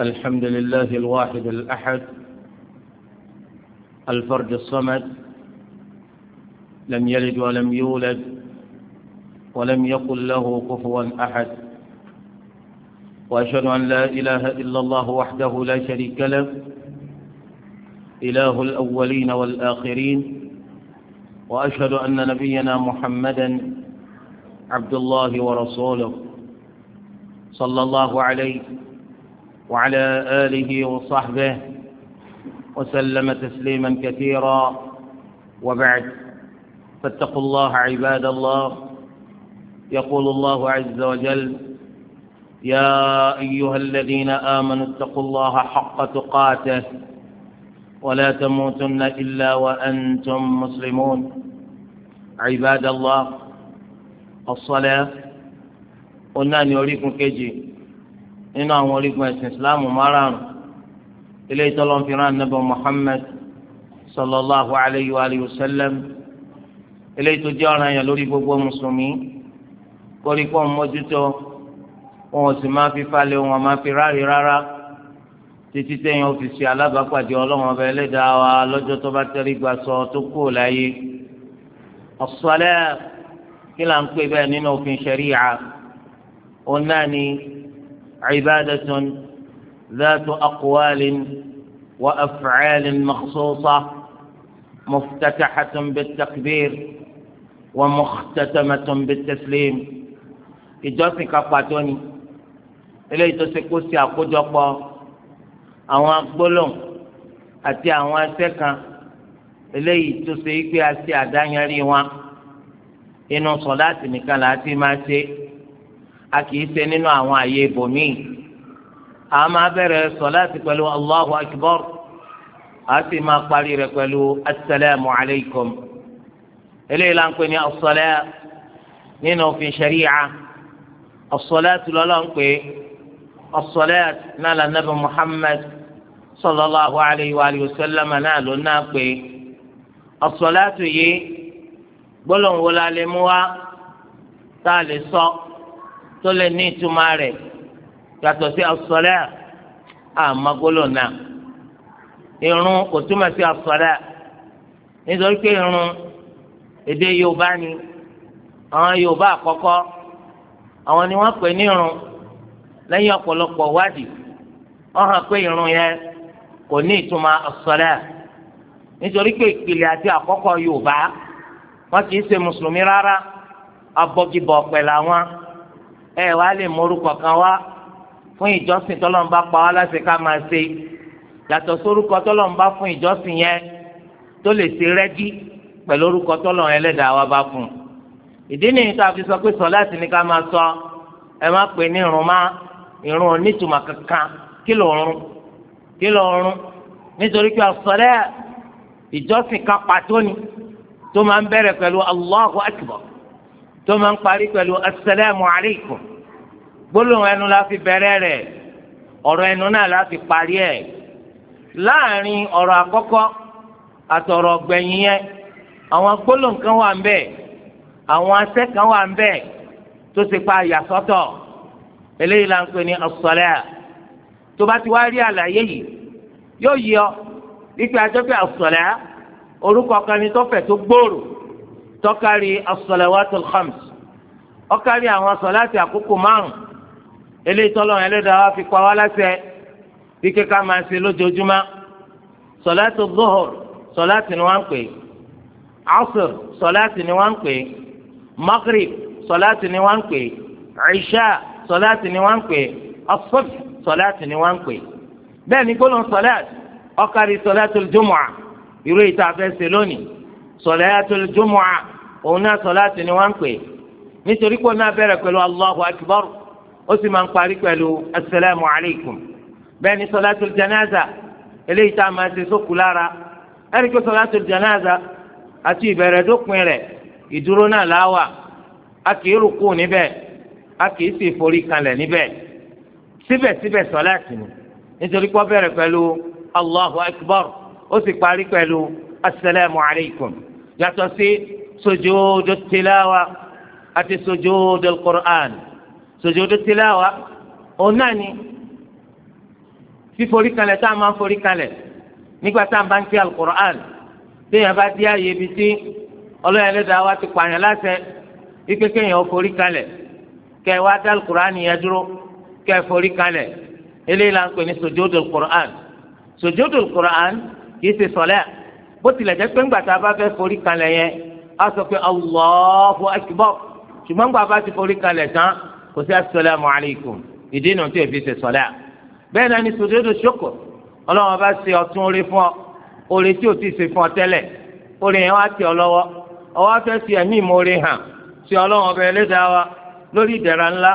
الحمد لله الواحد الأحد الفرد الصمد لم يلد ولم يولد ولم يقل له كفوا أحد وأشهد أن لا إله إلا الله وحده لا شريك له إله الأولين والآخرين وأشهد أن نبينا محمدا عبد الله ورسوله صلى الله عليه وعلى آله وصحبه وسلم تسليما كثيرا وبعد فاتقوا الله عباد الله يقول الله عز وجل يا أيها الذين آمنوا اتقوا الله حق تقاته ولا تموتن إلا وأنتم مسلمون عباد الله الصلاة قلنا أن يريكم كجي nínú àwọn orígun ẹ̀sìn ìsìláàmù márùn-ún ilé ìtọ́lọ́ fi rán anábọ̀ Muhammad sallallahu alayhi wa alihi wa sallam ilé ìtò jẹ́ ọ̀ràn yẹn lórí gbogbo mùsùlùmí kórí pọ̀ mójútó wọn ò sì máa fi falẹ̀ wọn máa fi ráre rárá títí téèyàn fi ṣe alábàápàdé ọlọ́wọ́n ọba ẹlẹ́dàá wa lọ́jọ́ tó bá tẹ́rí gba sọ tó kú láyé ọ̀sọ́lẹ́ kí là ń pè bẹ́ẹ̀ nínú òfin ṣẹ̀ríyà òun ni. عبادة ذات أقوال وأفعال مخصوصة مفتتحة بالتكبير ومختتمة بالتسليم إجاسي كفاتوني إلي تسكوسي أقوجوكو أو أقبلو أتي أو أسكا إلي تسكوسي أسي أدانياري إنو صلاتي نكالاتي ماتي a kì í ṣe nínú àwọn àyè ibòmíì a máa bẹ̀rẹ̀ sọ̀láàtì pẹ̀lú allahu akbar a sì máa parí rẹ̀ pẹ̀lú asalaamu alaykum eléyìí la ń pè ní asọ́lá nínú òfin sharia asọ́lá tìlọ́lọ́ ń pè asọ́lá náà lànàbì muhammad sallallahu alayhi wa sallam náà ló náà pè asọ́lá tó yé gbọ́dọ̀ ń wọlé alẹ́ mú wa tá a lè sọ. So tó lè ní ìtumọ̀ rẹ̀ yàtọ̀ sí asọ̀lẹ́ àmagolo náà irun kò túmọ̀ sí asọ̀lẹ́ nítorí pé irun èdè Yorùbá ni àwọn Yorùbá àkọ́kọ́ àwọn ni wọ́n pè ní irun lẹ́yìn ọ̀pọ̀lọpọ̀ wádìí wọ́n hàn pé irun yẹn kò ní ìtumọ̀ asọ̀lẹ́ nítorí pé ìpìlẹ̀ àti àkọ́kọ́ Yorùbá wọ́n kì í ṣe mùsùlùmí rárá abọ́gibọ̀ pẹ̀lú àwọn ẹ wàá lè mọrúkọ kan wá fún ìjọsìn tọ́lọ́mùbá pa wá láti ká máa ṣe yàtọ̀ sórúkọ tọ́lọ́mùbá fún ìjọsìn yẹn tó lè ṣe rẹ́gí pẹ̀lú orúkọ tọ́lọ́mù ẹlẹ́dàá wa bá fún un ìdí nìyí tó a fi sọ pé sọ láti ní ká máa sọ ẹ má pè ní irun má irun onítùmọ̀ kankan kí ló ń rún kí ló ń rún nítorí pé àsọlẹ́ ìjọsìn kan pàtó ni tó máa ń bẹ̀rẹ̀ pẹ̀lú Allahu Akbar tó máa ń parí pẹ̀lú asalaamu alaykum gbólóhùn ẹnu la fi bẹ̀rẹ̀ rẹ̀ ọ̀rọ̀ ẹnu náà la fi parí ẹ̀ láàrin ọ̀rọ̀ àkọ́kọ́ àtọ̀rọ̀ gbẹ̀yìn yẹn àwọn gbólóhùn kan wà ń bẹ àwọn asẹ́ kan wà ń bẹ tó ti pa àyàsọ́tọ̀ eléyìí la ń pè ní as tó bá ti wá rí àlàyé yìí yóò yọ wípé ajọ́ pé as-salat orúkọ kan ni tó fẹ̀ tó gbòòrò tọ́kari asọ̀lẹ̀wàtò khams ọ̀kari àwọn asọ̀láti àkókò márùn eléyìí tọ́lọ̀ ẹlẹ́dàá wa fi pa wá láṣẹ bí kíkà máa ṣe lójoojúmọ́ sọ̀láti zuhur sọ̀láti ni wọ́n ń pè asr sọ̀láti ni wọ́n ń pè maghrib sọ̀láti ni wọ́n ń pè isha sọ̀láti ni wọ́n ń pè asọ́f sọ̀láti ni wọ́n ń pè bẹ́ẹ̀ ni gbólóhùn sọ̀láti ọ̀kari sọ̀láti jumu'ah irú ìta fẹ́ ṣe lónìí sọ̀láti jumu'ah òun náà sọláàtì ni wọ́n ń pè nítorí pé òun náà bẹ̀rẹ̀ pẹ̀lú allahu akbar ó sì máa ń parí pẹ̀lú asalaamu alaykum bẹ́ẹ̀ ni sọláàtì janaza eléyìí tá a máa ṣe sókù lára ẹ̀rí pé sọláàtì janaza àti ìbẹ̀rẹ̀ dópin rẹ̀ ìdúró náà láwà a kì rúkú níbẹ̀ a kì sì forí kanlẹ̀ níbẹ̀ síbẹ̀síbẹ̀ sọláàtì ni nítorí pé ó bẹ̀rẹ̀ pẹ̀lú allahu akbar ó sì parí pẹ̀lú asalaamu alaykum yàtọ̀ sí sojodo tilawa àti sojodo qur'an sojodo tilawa òun náà ni fíforí kalẹ̀ tá a máa ń forí kalẹ̀ nígbà tá a bá ń kí alukur'an téèyàn bá dí ààyè ibi tí ọlọ́yà lẹ́dàá wa ti pààyàn láṣẹ wípé kéèyàn forí kalẹ̀ kẹ́ ẹ wá dá alukur'an yẹn dúró kẹ́ ẹ forí kalẹ̀ eléyìí la ń pè ní sojodo alukur'an sojodo alukur'an kì í ṣe sọlẹ́ bó tilẹ̀ jẹ́ pé ńgbà tá a bá fẹ́ forí kalẹ̀ yẹn a sọ pé Allahu akbar ṣùgbọ́n bàbá ti forí kalẹ̀ tán kò sí asalaamu alaykum ìdí náà tó fi ṣe sọlá bẹ́ẹ̀ náà ni sòdodo ṣokò ọlọ́wọ́n bá ṣe ọtún orí fún ọ orí tí o ti ṣe fún ọ tẹ́lẹ̀ orí yẹn wá tẹ ọ lọ́wọ́ ọwọ́ fẹ́ fi ẹ̀mí ìmoore hàn ṣe ọlọ́wọ́n ọbẹ̀ ẹlẹ́dàá wa lórí ìdẹ̀ra ńlá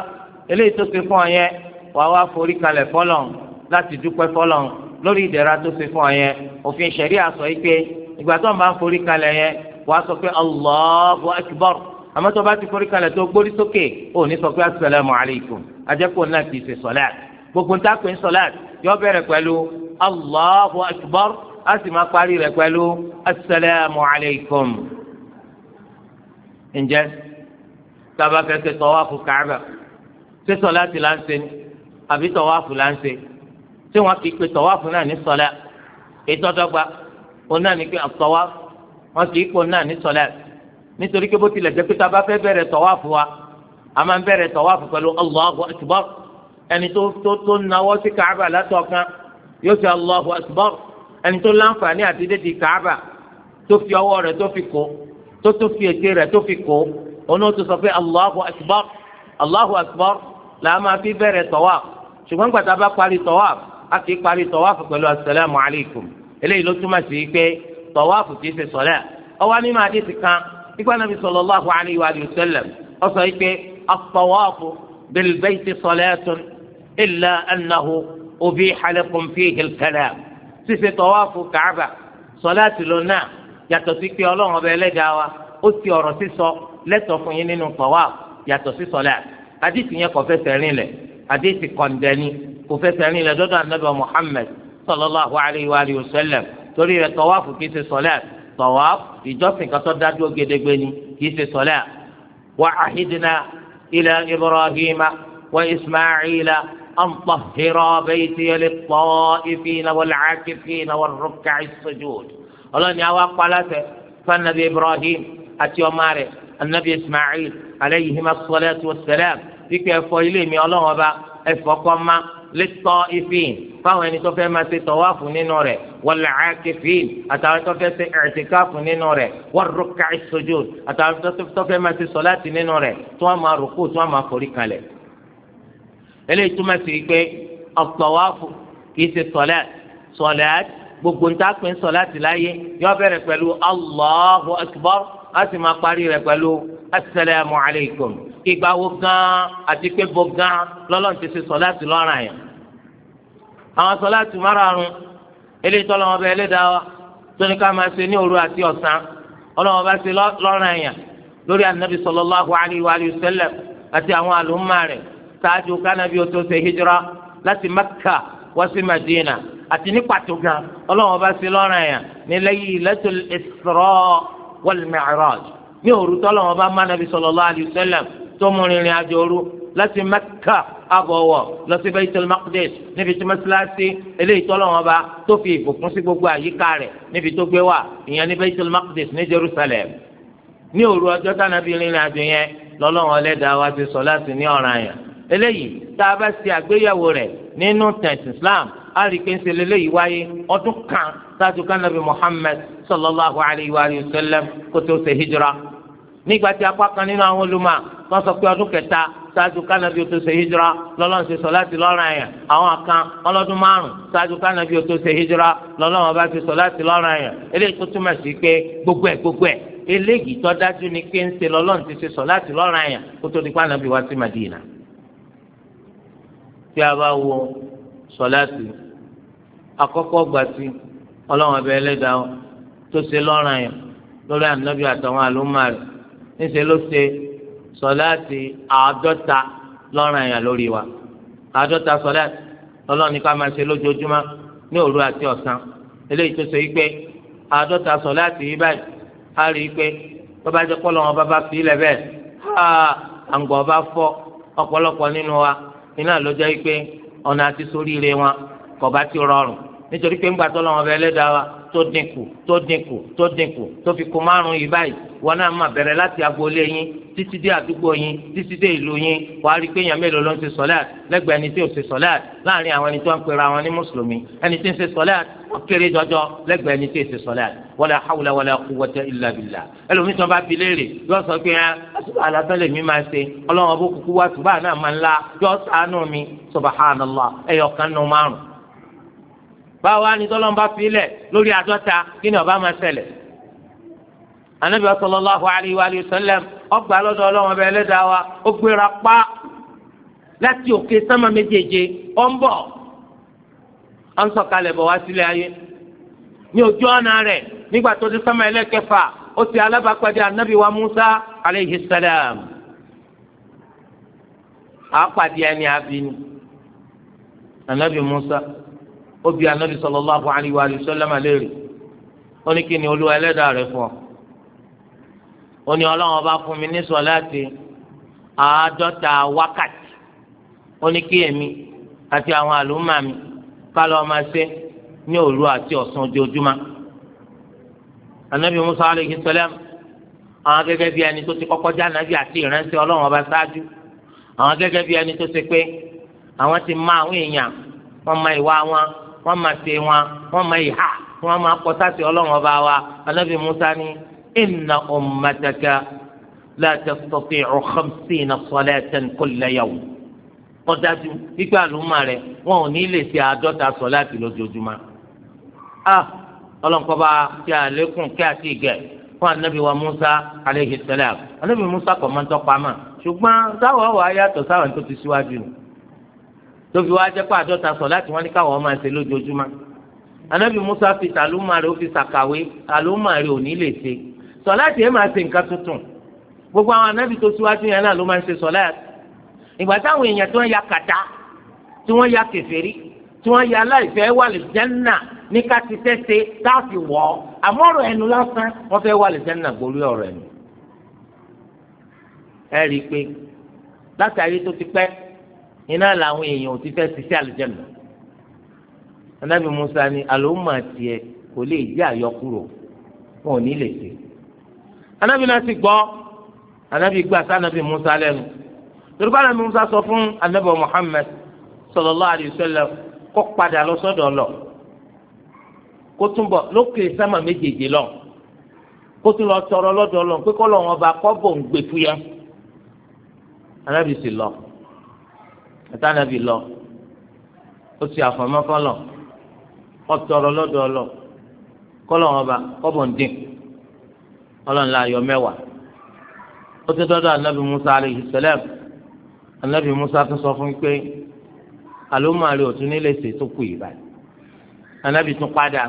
eléyìí tó ṣe fún ọ yẹn wàá wá forí kalẹ̀ fọlọ́n láti dúpẹ́ fọlọ́n lórí ìdẹ̀ra tó ṣe fún ọ yẹn òfin ṣẹ̀rí àsọ yìí pé ìgbà tó ń bá forí kalẹ̀ yẹn wàá sọ pé allahu akbar àmọ́ tó bá ti forí kalẹ̀ tó gbórí sókè ò ní sọ pé asalaamu alaykum ajẹ́kọ̀ọ́ náà kì í ṣe sọ́láàt gbogbo níta pé ń sọ́láàt yọ bẹ̀rẹ̀ pẹ̀lú allahu akbar a sì máa parí rẹ̀ pẹ̀lú asalaamu alaykum. ǹjẹ́ tábà kẹsẹ̀ tọ́wáfù káàbà ṣé sọ́láàtì là ń ṣe ni àbí tọ́wáfù là ń ṣe ṣé wọ́n kì í pe tọ́wáfù náà ní sọ́láàt ètò ọ̀dọ́gba òun náà ní pé àtọ́wáfù wọn kì í pò náà ní sọlẹ nítorí pé bó tilẹ̀ jẹ́ pé tá a bá fẹ́ bẹ̀rẹ̀ tọ́wáfù wa a máa ń bẹ̀rẹ̀ tọ́wáfù pẹ̀lú Allahu akbar ẹni tó tó tó nawọ́ sí Kaaba látọ̀kan yóò ṣe Allahu akbar ẹni tó láǹfààní àti dédì Kaaba tó fi ọwọ́ rẹ̀ tó fi kó tó tó fi ètè rẹ̀ tó fi kó òun ó tún sọ pé Allahu akbar Allahu akbar làá máa fi bẹ̀rẹ̀ tọ́wáfù ṣùgbọ́n gbàtà bá parí tọ́wáfù a kì í parí tọ́wáfù pẹ̀lú assalamu alaikum eléyìí ló túmọ̀ sí pé tọ̀wáàfù kìí ṣe sọ̀lẹ́ ọwọ́ nínú àdéhùn kan nípa nàbí sallallahu alayhi wa sallam ó sọ yìí pé at-tawafu bil bayti salatun illa annahu ubiha lakum fihi al-kalam ṣíṣe tọ̀wáàfù kàába sọ̀láàtì lọ́nà yàtọ̀ sí pé ọlọ́run ọba ẹlẹ́dàá wa ó ti ọ̀rọ̀ sísọ lẹ́tọ̀ fún yín nínú tọ̀wáàfù yàtọ̀ sí sọ̀láàtì àdéhùn yẹn kò fẹsẹ̀ rìn lẹ̀ àdéhùn kọ̀ǹdẹ́ni kò fẹsẹ̀ rìn lẹ̀ dọ́dọ̀ ànábì Muhammad sallallahu alayhi wa sallam torí rẹ̀ tọwáfù kì í ṣe sọlẹ tọwáfù ìjọsìn kan tó dájú gédégbé ni kì í ṣe sọlẹ wa ahidina ila ibrahima wa ismaila an tahira baytiya lit-ta'ifina wal-'akifina war-ruk'i as-sujud ọlọ́ni àwa kpalasẹ̀ fanabi ibrahim àti ọmọ rẹ̀ anabi ismail alayhima as-salatu was-salam kíkẹ́ ẹ̀fọ́ ilé mi ọlọ́wọ́n ẹ̀fọ́ kọ́ ma lit-ta'ifin fáwọn ẹni tó fẹ́ máa ṣe tọ́wáfù nínú rẹ̀ wal-aakifin àtàwọn tó fẹ́ ṣe i'tikafu nínú rẹ̀ war-ruk'i sujud àtàwọn tó fẹ́ máa ṣe sọ̀láàtì nínú rẹ̀ tó wọ́n máa rúkú tó wọ́n máa forí kalẹ̀. eléyìí túmọ̀ sí pé at-tawafu kì í ṣe sọ̀láàt sọ̀láàt gbogbo ń tàpín sọ̀láàtì láyé yóò bẹ̀rẹ̀ pẹ̀lú Allahu akbar a sì máa parí rẹ̀ pẹ̀lú assalamu alaykum ìgbà gan àti pé bo gan lọ́lọ́run eléyìí tó lọ́wọ́ bẹ ẹlẹ́dàá wa tóní ká máa ṣe ní òru àti ọ̀sán ọlọ́wọ́ bá ṣe lọ́rùn ẹ̀yàn lórí anabi sallallahu alayhi wa sallam àti àwọn àlùmọ́ rẹ̀ ṣáájú kánábì ó tó ṣe hijira láti Makka wá sí Madina àti ní pàtó gan ọlọ́wọ́ bá ṣe lọ́rùn ẹ̀yàn ní laylatul Isra wal Mi'raj ní òru tó bá má anabi sallallahu alayhi wa sallam tó mú rìnrìn àjò òru láti mẹ́kà àbọ̀wọ̀ lọ sí Baitul Maqdis níbi tí mọ́sálásí eléyìí tọ́lọ̀ wọn bá tó fi ìbùkún sí gbogbo àyíká rẹ̀ níbi tó gbé wà ìyẹn ní Baitul Maqdis ní Jerusalem ní òru ọjọ́ tánàbí rìnrìn àjò yẹn lọ́lọ́wọ́n ọlẹ́dàá wa ti sọ láti ní ọ̀ràn yẹn eléyìí tá a bá ṣe àgbéyẹ̀wò rẹ̀ nínú tẹ̀sí Islam a rí pé ń ṣe lélẹ́yìí wáyé ọdún kan ṣáájú kánábì Muhammad sallallahu alayhi wa sallam kó tó ṣe hijira nígbà tí apá kan nínú àwọn olùmọ̀ wọ́n sọ pé ọdún kẹta ṣáájú kánábì ó tó ṣe hijira lọ́lọ́run ṣe sọ̀láàtì lọ́rùn àwọn kan ọlọ́dún márùn ṣáájú kánábì ó tó ṣe hijira lọ́lọ́run ọba ṣe láti lọ́rùn àyàn eléyìí tó túmọ̀ sí pé gbogbo ẹ̀ gbogbo ẹ̀ eléyìí tó dájú ni pé ń ṣe lọ́lọ́run ti ṣe kó tó di wá sí Madina. a bá wo àkọ́kọ́ gbà sí ọlọ́run sọláàtì àádọ́ta lọ́ràn èèyàn lórí wa àádọ́ta sọláàtì ọlọ́ọ̀ni ká máa ṣe lójoojúmọ́ ní òru àti ọ̀sán eléyìí tó ṣe yí pé àádọ́ta sọláàtì yí báyìí á rí i pé bàbá jẹ́ kọ́lọ́ wọn bàbá fi ilẹ̀ bẹ́ẹ̀ á àǹgbọ̀ bá fọ́ ọ̀pọ̀lọpọ̀ nínú wa iná ló jẹ́ pé ọ̀nà àti soríire wọn kò bá ti rọrùn nítorí pé ńgbà tọ́lọ́ wọn bẹ́ẹ̀ lẹ́dàá wa tó dínkù tó dínkù tó dínkù tó fi kù márùn yìí báyìí wọn náà máa bẹ̀rẹ̀ láti agboolé yín títí dé àdúgbò yín títí dé ìlú yín wàá rí i pé èèyàn mélòó ló ń ṣe sọláàt lẹ́gbẹ̀ẹ́ ẹni tí ò ṣe sọláàt láàrin àwọn ẹni tó ń pera wọn ní mùsùlùmí ẹni tí ń ṣe sọláàt kéré jọjọ lẹ́gbẹ̀ẹ́ ẹni tí ò ṣe sọláàt wala hawla wala quwwata illa billah ẹlòmíì tó bá fi léèrè yóò sọ pé alásán ah, lè máa ṣe ọlọ́run ọbọ̀ kúkú wá báwo á ní tọ́lọ́n bá filẹ̀ lórí àádọ́ta kí ni ọba máa ṣẹlẹ̀ anabi sallallahu alayhi wa sallam ọgbà lọ́dọ̀ Ọlọ́run ọbẹ Ẹlẹ́dàá wa ó gbéra pa láti òkè sámà méjèèje ó ń bọ̀ ó ń sọ̀kalẹ̀ bọ̀ wá sílẹ̀ ayé ní ojú ọ̀nà rẹ̀ nígbà tó dé sámà ẹlẹ́kẹfà ó ti alábàápàdé anabi wa Musa alayhi salam àápàdé ẹni àbí ni anabi Musa. ó bi anabi sallallahu alayhi wa sallam léèrè ó ní kí ni olúwa ẹlẹ́dàá Oni fún ọ ó ní ọlọ́run ọba fún mi ní sọláàtì àádọ́ta wákàtí ó ní kí èmi àti àwọn àlùmọ́ mi ká lọ́ọ́ máa ṣe ní òru àti ọ̀sán ojoojúmọ́ anabi musa alayhi salam àwọn gẹ́gẹ́ bí ẹni tó ti kọ́kọ́ já anabi àti ìránṣẹ́ ọlọ́run ọba ṣáájú àwọn gẹ́gẹ́ bí ẹni tó ṣe pé àwọn ti má àwọn èèyàn wọ́n má ìwà wọn wọ́n máa ṣe wọn wọ́n máa ìhà wọ́n máa kọ́ sáṣẹ ọlọ́run ọba wa anábì musa ní inna ummataka la tastati'u khamsina salatan kulla yawm ọ̀dájú pípẹ́ àlùmọ́ rẹ̀ wọn ò ní lè ṣe àádọ́ta sọ̀láàtì lójoojúmọ́. a ah, ọlọ́nkọ́ba ti àlékún kí àti ìgẹ̀ fún anabi wa musa aleyhi salam anabi musa kọ̀ mọ́tọ́ pamọ́ ṣùgbọ́n táwọn wà á yàtọ̀ sáwọn tó ti síwájú nù tó fi wá jẹ́ pé àádọ́ta sọ láti wọ́n ní káwọn máa ṣe lójoojúmọ́ anabi musa fi tàlùmọ́ rẹ̀ ó fi ṣàkàwé tàlùmọ́ rẹ̀ ò ní lè ṣe sọ láti ẹ̀ máa ṣe nǹkan tuntun gbogbo àwọn anabi tó síwájú yẹn náà ló máa ń ṣe sọ láti ìgbà táwọn èèyàn tí wọ́n ya kàtá tí wọ́n ya kèfèrí tí wọ́n ya aláìfẹ́ wà lè jẹ́nà ní ká ti tẹ́sẹ̀ tá wọ̀ ọ́ àmọ́ ọ̀rọ̀ ẹnu lásán wọ́n fẹ́ wà lè jẹ́nà gborí ọ̀rọ̀ ẹnu. ẹ rí i pé látàrí tó ti pẹ́ iná làwọn èèyàn ò ti fẹ́ ti sí àlùjànnà anábì musa ni àlòmà tiẹ̀ kò lè jẹ́ àyọkúrò wọn ò ní lè ṣe anábì náà ti gbọ́ anábì gbà sánábì musa lẹ́nu torí báyìí musa sọ fún anábì muhammed sallallahu alaihi wasallam kó padà lọ sọ́dọ̀ lọ kó túnbọ̀ lókè sámà méjèèjì lọ kó tún lọ tọrọ lọ́dọ̀ lọ pé kọ́ lọ́wọ́n ọba kọ́ bò ń gbé fúyà anábì sì lọ. Ata àtànàbì lọ ó ti àfọmọ́ fọlọ ọtọrọ lọ́dọ̀ ọlọ kọlọ wọn bá kọbọ ń dín ọlọ́run la yọ mẹ́wàá ó ti dọ́dọ̀ anabi musa alayhi salam anabi musa tún sọ fún pé àlómàrí òtún nílé ṣe tó kù ìbàdàn anabi tún padà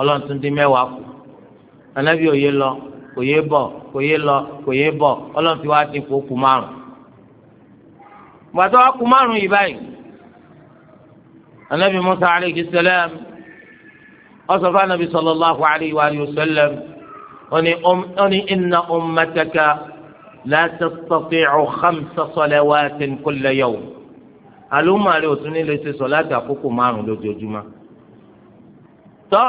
ọlọ́run tún dín mẹ́wàá kù anabi òye lọ òye bọ̀ òye lọ òye bọ̀ ọlọ́run ti wá dín kù kù márùn-ún. gbàtọ́ ọkùn márùn yìí báyìí anabi musa aleyhi salam ọsọfọ anabi sallallahu alayhi wa sallam oni umm-, inna ummataka la tastati'u khamsa salawatin kulla yawm alumari o tún nílé ṣe sọláàtì àkókò márùn lójoojúmọ́ tọ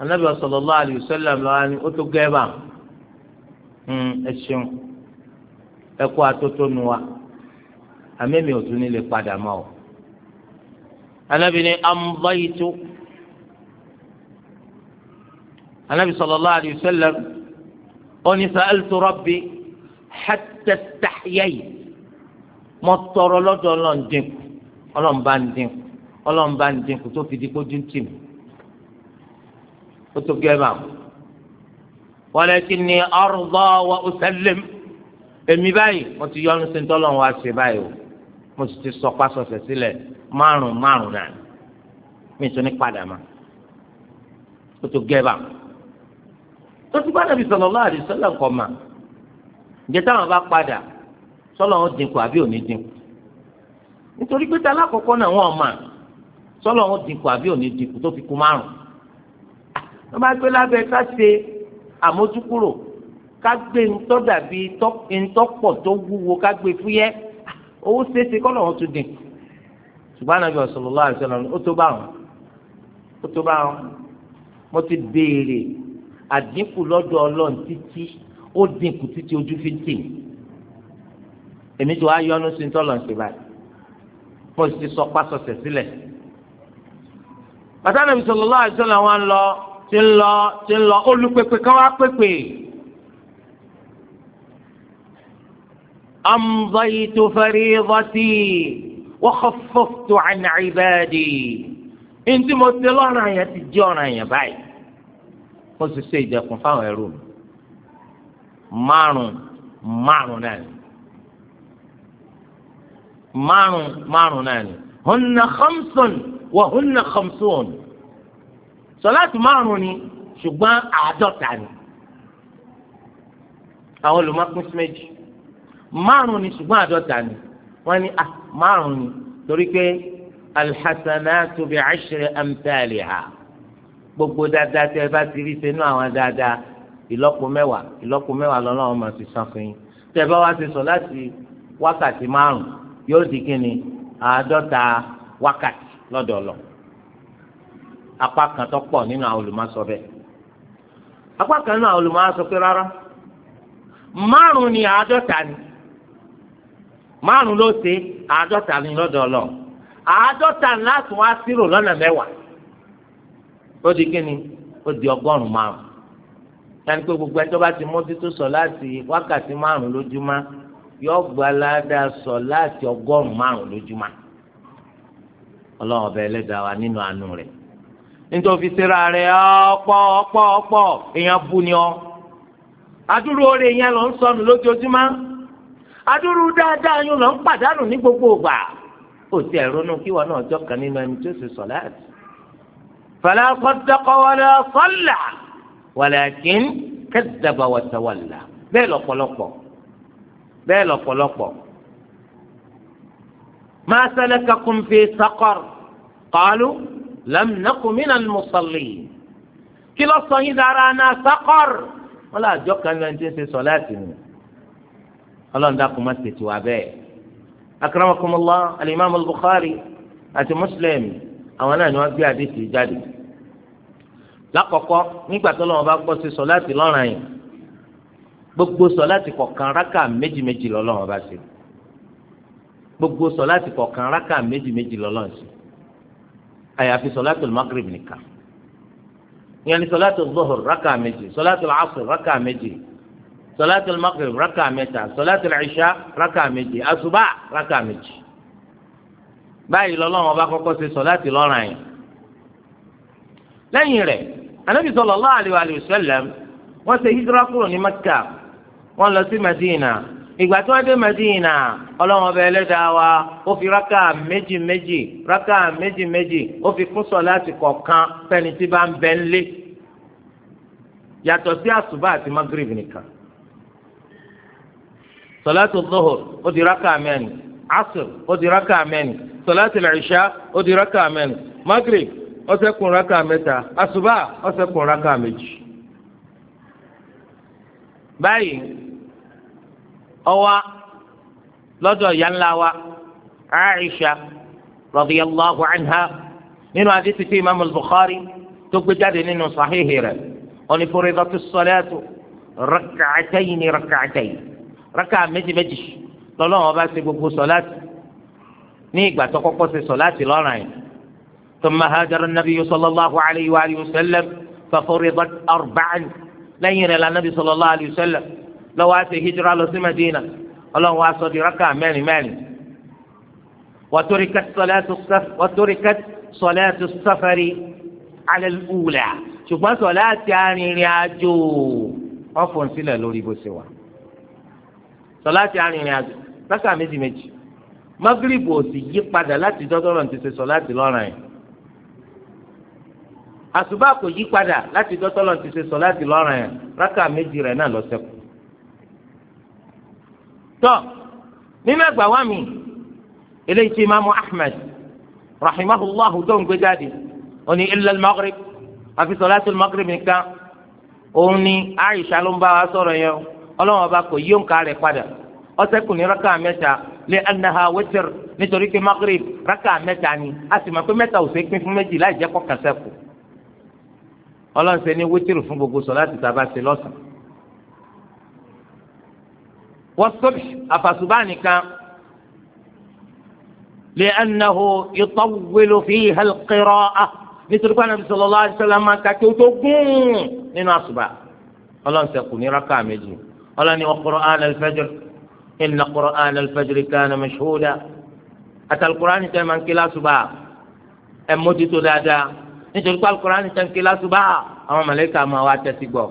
anabi sallallahu alayhi wa sallam lọ́wọ́ ni ó tó gẹ́bà umm, ẹ ṣeun ẹ kó atótónu wa àmẹ́mi ò tún ní lè padà mọ́ ọ. anábì ní amúbáyìtú anábì sallallahu alayhi wa sallam ó ní sa'altu rabbi hatta istahyayt mo tọrọ lọ́dọ̀ ọlọ́run dínkù ọlọ́run bá ń dínkù ọlọ́run bá ń dínkù tó fi di kó dín tì ó tó gẹ́ bá wọn. walakinni arda wa usallim èmi báyìí mo ti yọnu sí ntọ́lọ́run wá ṣe báyìí o mo sì ti sọ pásọsẹ̀ sílẹ̀ márùn márùn náà mi tún ní padà ma o tó gẹ́bà tó ti bá nàbì sallallahu alaihi wasallam kọ́ ma ǹjẹ́ táwọn bá padà sọ́lọ́ wọn dínkù àbí òní dínkù nítorí pé tala kọ̀kọ́ náà wọ́n ma sọ́lọ́ wọn dínkù àbí òní dínkù tó fi kú márùn wọ́n bá gbé lábẹ́ ká ṣe àmójúkúrò kágbé ńtọ́ dàbí ńtọ́pọ̀ tó wúwo kágbé fúyẹ́ owó ṣeéṣe kọ́ lọ́wọ́ tó dín ṣùgbọ́n Ànábì sallallahu alaihi wasallam ó tó bá wọn ó tó bá wọn mo ti béèrè àdínkù lọ́dọ̀ ọlọ́run títí ó dínkù títí ojú fi ń tì mí èmi tó wá yọnu sí ńtọ́lọ̀ ṣe báyìí mo sì sọ pásọsẹ̀ sílẹ̀ bàtà Ànábì sallallahu alaihi wasallam wọn lọ ti ń ti ń lọ olùpèpè kan أمضيت فريضتي وخففت عن عبادي أنت مطلعنا يا تجونا يا باي قلت السيدة كن فاهم يرون مارون مارون ناني مارون مارون ناني هن خمس وهن خمسون صلاة ماروني شبان أعدتني أول ما كنت márùn ni ṣùgbọ́n àádọ́ta ni wọ́n ní à ah, márùn ni torí pé alḥasanatu bi ashri amthaliha gbogbo dáadáa tẹ ẹ bá ti rí sínú àwọn dáadáa ìlọ́po mẹ́wàá ìlọ́po mẹ́wàá lọ́nà ọmọ ti san fún yín tẹ bá wá ti sọ láti wákàtí márùn yóò di kíni àádọ́ta wákàtí lọ́dọ̀ apá kan tó pọ̀ nínú àwọn olùmọ̀sọ bẹ́ẹ̀ apá kan nínú àwọn olùmọ̀sọ pé rárá márùn ni àádọ́ta ni. márùn ló ṣe àádọ́ta ní lọ́dọ̀ ọlọ́run àádọ́ta láti wá sírò lọ́nà mẹ́wàá ó di kíni ó di ọgọ́rùn márùn yàtí pé gbogbo ẹjọ́ bá ti mójútó sọ láti wákàtí márùn lójúmọ́ yọ gba ládàá sọ láti ọgọ́rùn márùn ọbẹ̀ ẹlẹ́dàá wa nínú àánú nítorí ọ̀pọ̀ ọ̀pọ̀ ọ̀pọ̀ èèyàn bú ọ́ yẹn lọ ń sọnù adúrú dáadáa yóò lọ ń pàdánù ní gbogbo ìgbà ó ti ẹ̀ ronú kí wọn náà jọ́kan nínú ẹni tó ṣe sọ̀láàtì. fala saddaqa wala salla walakin kazzaba wa tawalla bẹ́ẹ̀ lọ́pọ̀lọpọ̀ bẹ́ẹ̀ lọ́pọ̀lọpọ̀. ma salakakum fi saqar qalu lam naku kí ló sọ yín dára náà saqar wọn làjọ kan ní ẹni tó ṣe sọ̀láàtì nù ọlọ́run dákun má ṣètò abẹ́ akramakumullah alimami al-bukhari àti muslim àwọn náà ni wọ́n gbé àdìsí jáde lákọ̀ọ́kọ́ nígbà tó lọ́wọ́ bá gbọ́ sí sọ̀láàtì lọ́ràn yìí gbogbo sọ̀láàtì kọ̀ọ̀kan rákà méjì méjì lọ́lọ́wọ́ bá ṣe gbogbo sọ̀láàtì kọ̀ọ̀kan rákà méjì méjì lọ́lọ́wọ́ ṣe àyàfi sọ̀láàtì magrib nìkan ìyẹn ni sọ̀láàtì zuhur rákà méjì sọ̀láàtì asr rákà méjì sọláàtì maghrib rákà mẹ́ta sọláàtì ìṣá rákà méje àsùbá rákà méje báyìí lọ́lọ́run ọba kọ́kọ́ ṣe sọláàtì lọ́ràn yẹn lẹ́yìn rẹ̀ anabi sallallahu alaihi wa sallam wọ́n ṣe hijira kúrò ní mẹ́kà wọ́n lọ sí madina ìgbà tí wọ́n dé madina ọlọ́run ọba ẹlẹ́dàá wa ó fi rákà méjì méjì rákà méjì méjì ó fi kún sọláàtì kọ̀ọ̀kan fẹ́ni tí bá ń bẹ ń lé yàtọ̀ sí àsùbá àti maghrib nìkan sọláàtì ọ̀dọ́hùr ó di rákà mẹ́rin asr ó di rákà mẹ́rin sọláàtì ìṣá ó di rákà mẹ́rin magrib ó ṣẹ́kù rákà mẹ́ta àsùbá ó ṣẹ́kù rákà méjì. báyìí ọwa lọ́dọ̀ ìyá ńlá wa aisha radiyallahu anha nínú àdìsí tí imaamu bukhari tó gbé jáde nínú sàhíhì rẹ̀ onífúrẹ́dọ́tì sọláàtì rakàtẹ́yìn ni rakàtẹ́yìn. rákà méjì méjì lọ́lọ́run ọba ṣe gbogbo sọ̀láàtì ní ìgbà tó kọ́kọ́ ṣe sọ̀láàtì lọ́ràn yìí thumma hajara an-nabiyyu sallallahu alayhi wa alihi wa sallam fa furidat arba'an lẹ́yìn rẹ̀ la nabi sallallahu alayhi wa sallam lọ́wọ́ àti hijira lọ sí madina ọlọ́run wa sọ di rákà mẹ́rin mẹ́rin wa turikat salatu wa turikat salatu safari ala al-ula arìnrìn àjò ọ̀fọ̀n sílẹ̀ lórí bó ṣe wà sọláàtì arìnrìn àjò rákà méjì méjì magrib ò sì yí padà láti dọ́dọ́rọ̀ ti ṣe sọláàtì lọ́ràn yẹn àsùbá kò yí padà láti dọ́dọ́rọ̀ ti ṣe sọláàtì lọ́ràn yẹn rákà méjì rẹ̀ náà ló ṣẹ́kù. tọ́ nínú ẹgbàá wa mi eléyìí tí imaamu ahmed rahimahullah tó jáde ó ilẹ̀ magrib àfi sọláàtì magrib nìkan òun ni aisha ló ń bá wa sọ̀rọ̀ yẹn o ọlọ́run ọba kò yí òǹkà rẹ̀ padà ọ̀sẹ̀kù ní rákà mẹ́ta lé anaha wẹ́tẹ̀r nítorí pé magrib rákà mẹ́ta ni a sì mọ̀ pé mẹ́ta ò sẹ́kùn fún méjì láì jẹ́ kọ́kàn sẹ́kù ọlọ́run ṣe ní wẹ́tẹ̀r fún gbogbo sọ láti sábà ṣe lọ́sàn. wọ́sọ̀bì àfàṣùbà nìkan lé anahu ìtọ́wélo fi hàlqirọ́ a nítorí pé anabi sallallahu alaihi máa ń ka kí o tó gún nínú àṣùbà ọlọ́run kù ní rákà méjì ọlọ́ni وقرآن الفجر إن قرآن الفجر كان مشهودا àti alukur'ani tẹ́ máa ń kí lásùbà ẹ̀ mójútó dáadáa nítorí pé alukur'ani tẹ́ ń kí lásùbà àwọn màlàíkà máa wá tẹ́tí gbọ́.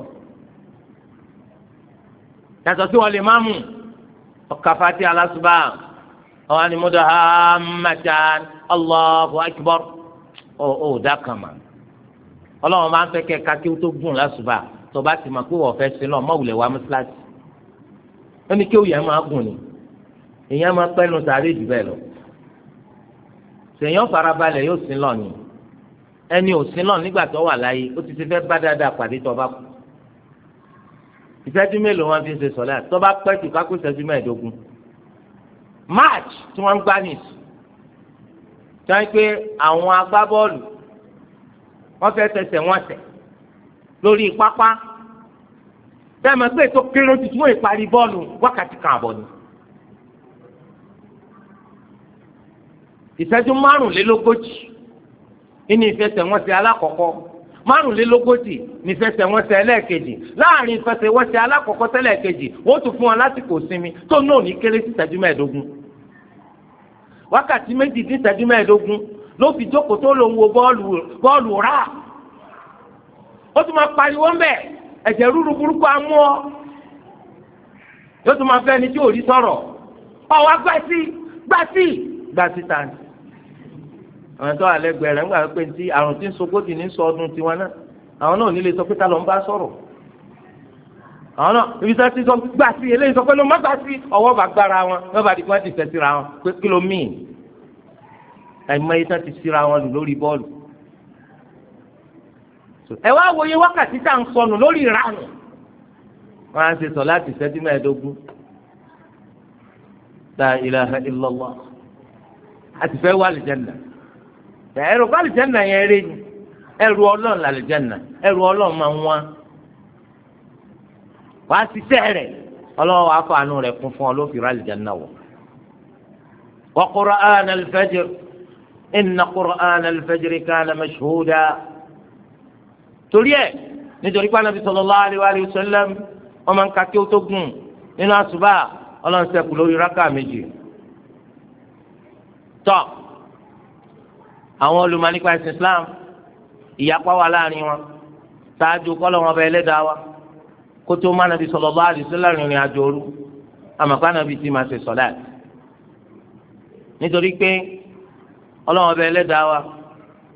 yàtọ̀ sí wọlé máàmù ọ̀ka fati alásùbà àwọn animọ́dọ̀ ha mẹ́tàn Allahu akbar ó ó dákàmà ọlọ́run máa ń fẹ́ kẹ́ kakíw tó gùn lásùbà tó bá ti mọ̀ pé wọ́n fẹ́ sílọ̀ mọ́wùlẹ̀ wá mọ́sálásì wọ́n ní kéwù yẹn máa gùn ni èèyàn máa pẹ́ nu sàárè jù bẹ́ẹ̀ lọ sèèyàn farabalẹ̀ yóò sin lọ́ọ̀ni ẹni ò sin lọ́ọ̀ni nígbà tó wà láyé ó ti ti fẹ́ bá dáadáa pàdé tó bá kú ìṣẹ́jú mélòó wọn fi ń ṣe sọ̀lá tó bá pẹ́ jù kákó ìṣẹ́jú mẹ́ẹ̀ẹ́dógún march tí wọ́n ń gbá nìsí tó pé àwọn agbábọ́ọ̀lù wọ́n fẹ́ tẹsẹ̀ wọ́n tẹ̀ lórí pápá bẹ́ẹ̀ máa gbé ètò kéré ti tún ìparí bọ́ọ̀lù wákàtí kan àbọ̀ ni. ìṣẹ́jú márùnlélógójì ní ìfẹsẹ̀wọnsẹ̀ alákọ̀ọ́kọ́ márùnlélógójì ní ìfẹsẹ̀wọnsẹ̀ ẹlẹ́ẹ̀kejì láàrin ìfẹsẹ̀wọnsẹ̀ alákọ̀ọ́kọ́ tẹ́lẹ̀kejì wọ́n tún fún wọn lásìkò sinmi tó náà ní kéré sí ìṣẹ́jú mẹ́ẹ̀ẹ́dógún wákàtí méjì dín ìṣẹ́jú mẹ́ẹ̀ẹ́dógún ló fi jókòó tó lòun wo bọ́ọ̀lù rà ó tún máa pariwo ń bẹ́ẹ̀ ẹ̀jẹ̀ rúru burúkú amú ọ yóò tún máa fẹ́ ẹni tí ò rí sọ̀rọ̀ ọ wá gbà sí gbà sí gbà sí tàǹtì àwọn tó alẹ́ gbẹ̀rẹ̀ ńgbà pé ti àrùn tí ń sogójì ní sọ ọdún tiwọn náà àwọn náà nílé sọ pé ta ló ń bá sọ̀rọ̀ àwọn náà ibi tí wọ́n ti sọ gbà sí eléyìí sọ pé ló má gbà sí ọwọ́ bá gbára wọn lọ́ọ́ bá di kí wọ́n ti fẹ́ síra wọn pé kí ló mìín àìmọye ẹ wá wòye wákàtí tá à ń sọnù lórí ìranù wọn á ṣe sọ láti ìṣẹ́jú mẹ́ẹ̀ẹ́dógún la ilaha illallah àti fẹ́ wá àlùjẹ́nà ẹ̀rù kọ́ àlùjẹ́nà yẹn eré ni ẹ̀rù ọlọ́run làlùjẹ́nà ẹ̀rù ọlọ́run máa ń wá wá ṣiṣẹ́ rẹ̀ ọlọ́run wàá fọ àánú rẹ̀ kún fún ọ ló fi rà àlùjẹ́nà wọ̀. wa qur'ana al-fajr inna qur'ana al-fajr kana mashhuda torí ẹ̀ nítorí pé anabi sallallahu alaihi wa sallam wọ́n máa ń ka kí ó tó gùn nínú àsùbà ọlọ́run sẹ́kù lórí rákà méjì tọ́ àwọn olùmọ̀ nípa ẹ̀sìn Islam ìyapa wà láàrin wọn ṣáájú kọ́lọ̀ wọn bẹ ẹlẹ́dàá wa kó tó má nàbí sallallahu alaihi wasallam rìnrìn àjò òru àmọ̀pá nàbí ti máa ṣe sọ̀láàt nítorí pé ọlọ́wọ́n bẹ ẹlẹ́dàá wa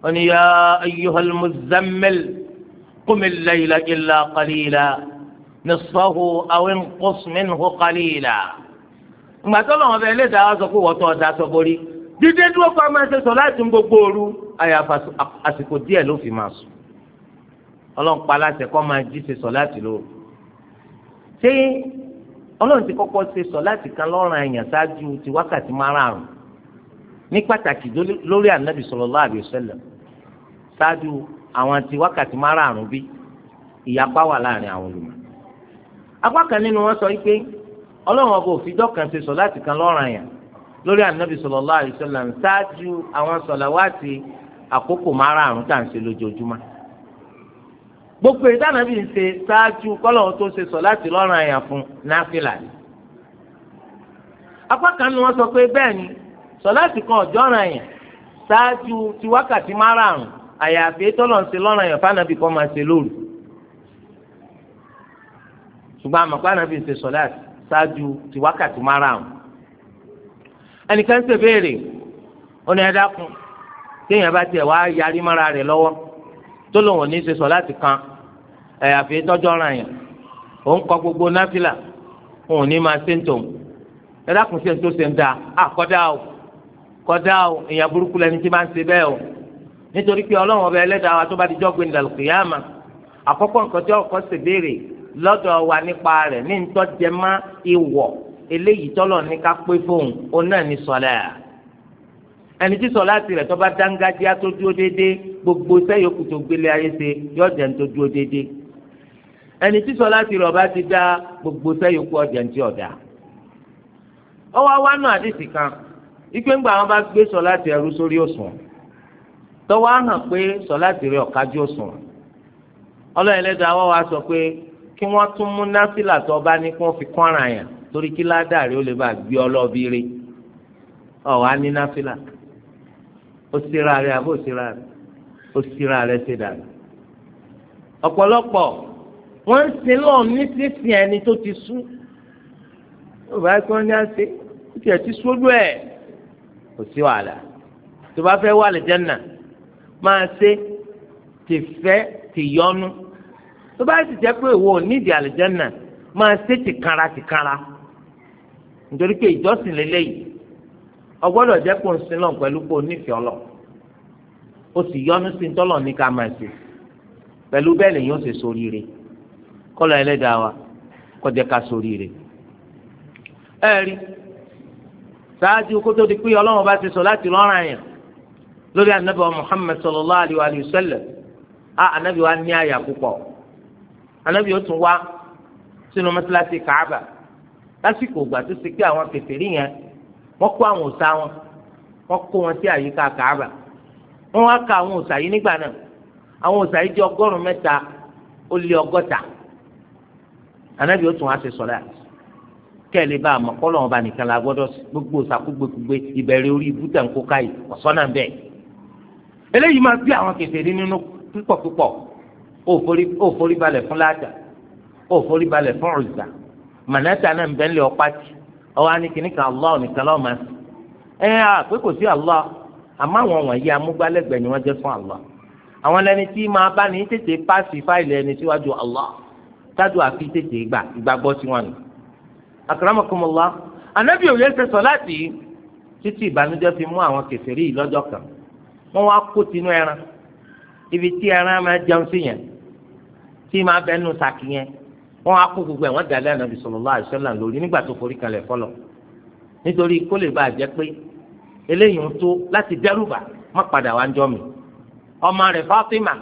ó ní yá ayyuhal muzzammil. قم الليل إلا قليلا نصفه أو انقص منه قليلا ìgbà tó lọ́wọ́ bẹ́ẹ̀ lé dáhà sọ pé wọ́n tó ọ̀dà sọ borí dídé dúró kó a máa ṣe sọ láti ń gbogbo ooru àyàfà àsìkò díẹ̀ ló fi máa sùn ọlọ́run pa aláṣẹ kó máa jí ṣe sọ láti lóru ṣé ọlọ́run ti kọ́kọ́ ṣe sọ láti kan lọ́rùn àyàn ṣáájú ti wákàtí márààrún ní pàtàkì lórí ànábì sallallahu alaihi wasallam ṣáájú àwọn ti wákàtí márààrún bí ìyapa wà láàrin àwọn olùmọ̀ apá kan nínú wọn sọ pé ọlọ́run ọba òfijọ́ kan ṣe sọ̀láàtì kan lọ́ranyàn lórí ànábì sallallahu alaihi wasallam ṣáájú àwọn sọ̀làwátì àkókò márààrún tá à ń ṣe lójoojúmọ́ gbogbo èdè ànábì ń ṣe ṣáájú kọ́lọ́run tó ṣe sọ̀láàtì lọ́ranyàn fún náfìlà ni apá kan nínú wọn sọ pé bẹ́ẹ̀ ni sọ̀láàtì kan ọ̀jọ́ ọ̀ranyàn ṣáájú ti wákàtí márààrún àyàfi tọ́lọ̀ ń ṣe lọ́rùn yẹn fànàbí kọ́ máa ṣe lóru ṣùgbọ́n àmọ́ fànàbí ṣe sọ̀lá ṣáájú ti wákàtí márùn-ún ẹnìkan ṣe béèrè ọ̀nà ẹ̀dá kun téèyàn bá tiẹ̀ wá yarí mọ́ra rẹ̀ lọ́wọ́ tó lòun ò ní ṣe sọ̀lá ti kan àyàfi tọ́jọ́ ọ̀ràn yẹn òun kọ gbogbo náfìlà ò ní máa ṣe ń tòun ẹ̀dá kun ṣe ń tó ṣe ń da àkọ́dá o kọ́dá o èèyàn burúkú lẹni tí máa ń ṣe bẹ́ẹ̀ o nítorí pé ọlọ́run ọba ẹlẹ́dàá wa tó bá di jọ́gbìn dàlùkìyàmà àkọ́kọ́ nǹkan tí ọkọ sì béèrè lọ́dọ̀ wa nípa rẹ̀ ní ntọ́ jẹmá ìwọ̀ eléyìí tọ́lọ̀ ní ká pé fóun òun náà ní sọlá ẹni tí sọlá tirẹ̀ tó bá dángájíá tó dúró déédéé gbogbo sẹ́yọkù tó gbélé ayé ṣe yọ jẹun tó dúró déédéé ẹni tí sọlá tirẹ̀ ọba ti dá gbogbo sẹ́yọkù ọjẹun tí ọ̀dà ọwọ́ wa náà àdìsí kan ikú ń gbà wọn bá gbé sọlá tirẹ̀ rú sórí òṣùwọ̀n tọ́wọ́ á hàn pé sọ̀láàtì rẹ̀ ọ̀kájú òṣùwọ̀n ọlọ́run ẹlẹ́dàá wọ́n wá sọ pé kí wọ́n tún mú náfìlà tó bá ní kí wọ́n fi kọ́ra yàn torí kí ládàrí ó lè bá gbé ọlọ́ọ̀bí rí ọ̀wá ní náfìlà ó síra rẹ̀ àbó síra rẹ̀ ó síra rẹ̀ ṣe dànù ọ̀pọ̀lọpọ̀ wọ́n ń sin lọ́ọ̀ ní ẹni tó ti sú ó bá kí wọ́n ní àṣẹ ó tiẹ̀ ti sódú ẹ̀ kò sí wàhálà tó bá fẹ́ wà lè náà máa ṣe tìfẹ́ tìyọnu tó bá sì jẹ́ pé ìwọ nídìí àlùjànnà máa ṣe tìkara tìkara nítorí pé ìjọsìn lélẹ́yìí ọgbọ́dọ̀ jẹ́ kó ń sin náà pẹ̀lú kó nífẹ̀ẹ́ ọlọ ó sì yọnu sí tọ́lọ̀ ní ká máa ṣe pẹ̀lú bẹ́ẹ̀ lèyìn ó ṣe sóríire kọ́lọ̀ ẹlẹ́dàá wa kọjá ká sóríire ẹ̀rí ṣáájú kótó di pé ọlọ́run bá ti sọ láti lọ́ràn yẹn lórí anabi wa muhammed sallallahu alayhi a anabi wa ní àyà púpọ̀ anabi ó tún wá sínú kaaba lásìkò ìgbà tó ti pé àwọn kèfèrí yẹn wọ́n kó àwọn wọn wọ́n kó wọn sí àyíká kaaba wọ́n ka àwọn òòṣà yìí nígbà náà àwọn òòṣà yìí jẹ́ ọgọ́rùn-ún mẹ́ta ó lé ọgọ́ta anabi ó tún wá ṣe sọ̀rọ̀ àti kẹ́lẹ́ bá a mọ̀ bá nìkan la gbọ́dọ̀ gbogbo sàkúgbèkúgbè eléyìí máa bí àwọn kèfèrí nínú púpọ̀ púpọ̀ ó forí balẹ̀ fún láàjà ó forí balẹ̀ fún ọ̀zà mànátà náà ń bẹ́ ńlẹ̀ ọ̀pátì ọwọ́ á ní kíní kan Allah nìkan lọ́ọ́ máa sùn ẹ á pé kò sí Allah àmọ́ àwọn wọ̀nyí amúgbálẹ́gbẹ̀ẹ́ ni wọ́n jẹ́ fún Allah àwọn lẹni tí máa bá ní tètè páàsì fáìlì ẹni síwájú Allah tájú àfi tètè gbà ìgbàgbọ́ sí wọn ni. akramakumullah anábì òye ṣe sọ láti títí ìbànújẹ́ fi mú àwọn kèfèrí yìí lọ́jọ́ kan wọ́n wá kó tinú ẹran ibi tí ẹran máa jẹun sí yẹn tí máa bẹ nù sàkì yẹn wọ́n wá kó gbogbo ẹ̀ wọ́n dàlẹ́ ànábì sallallahu alaihi wasallam lórí nígbà tó forí kalẹ̀ fọlọ nítorí kó lè bàa jẹ pé eléyìí ń tó láti dẹ́rùbà má padà wá ń jọ mi ọmọ rẹ̀ Fatima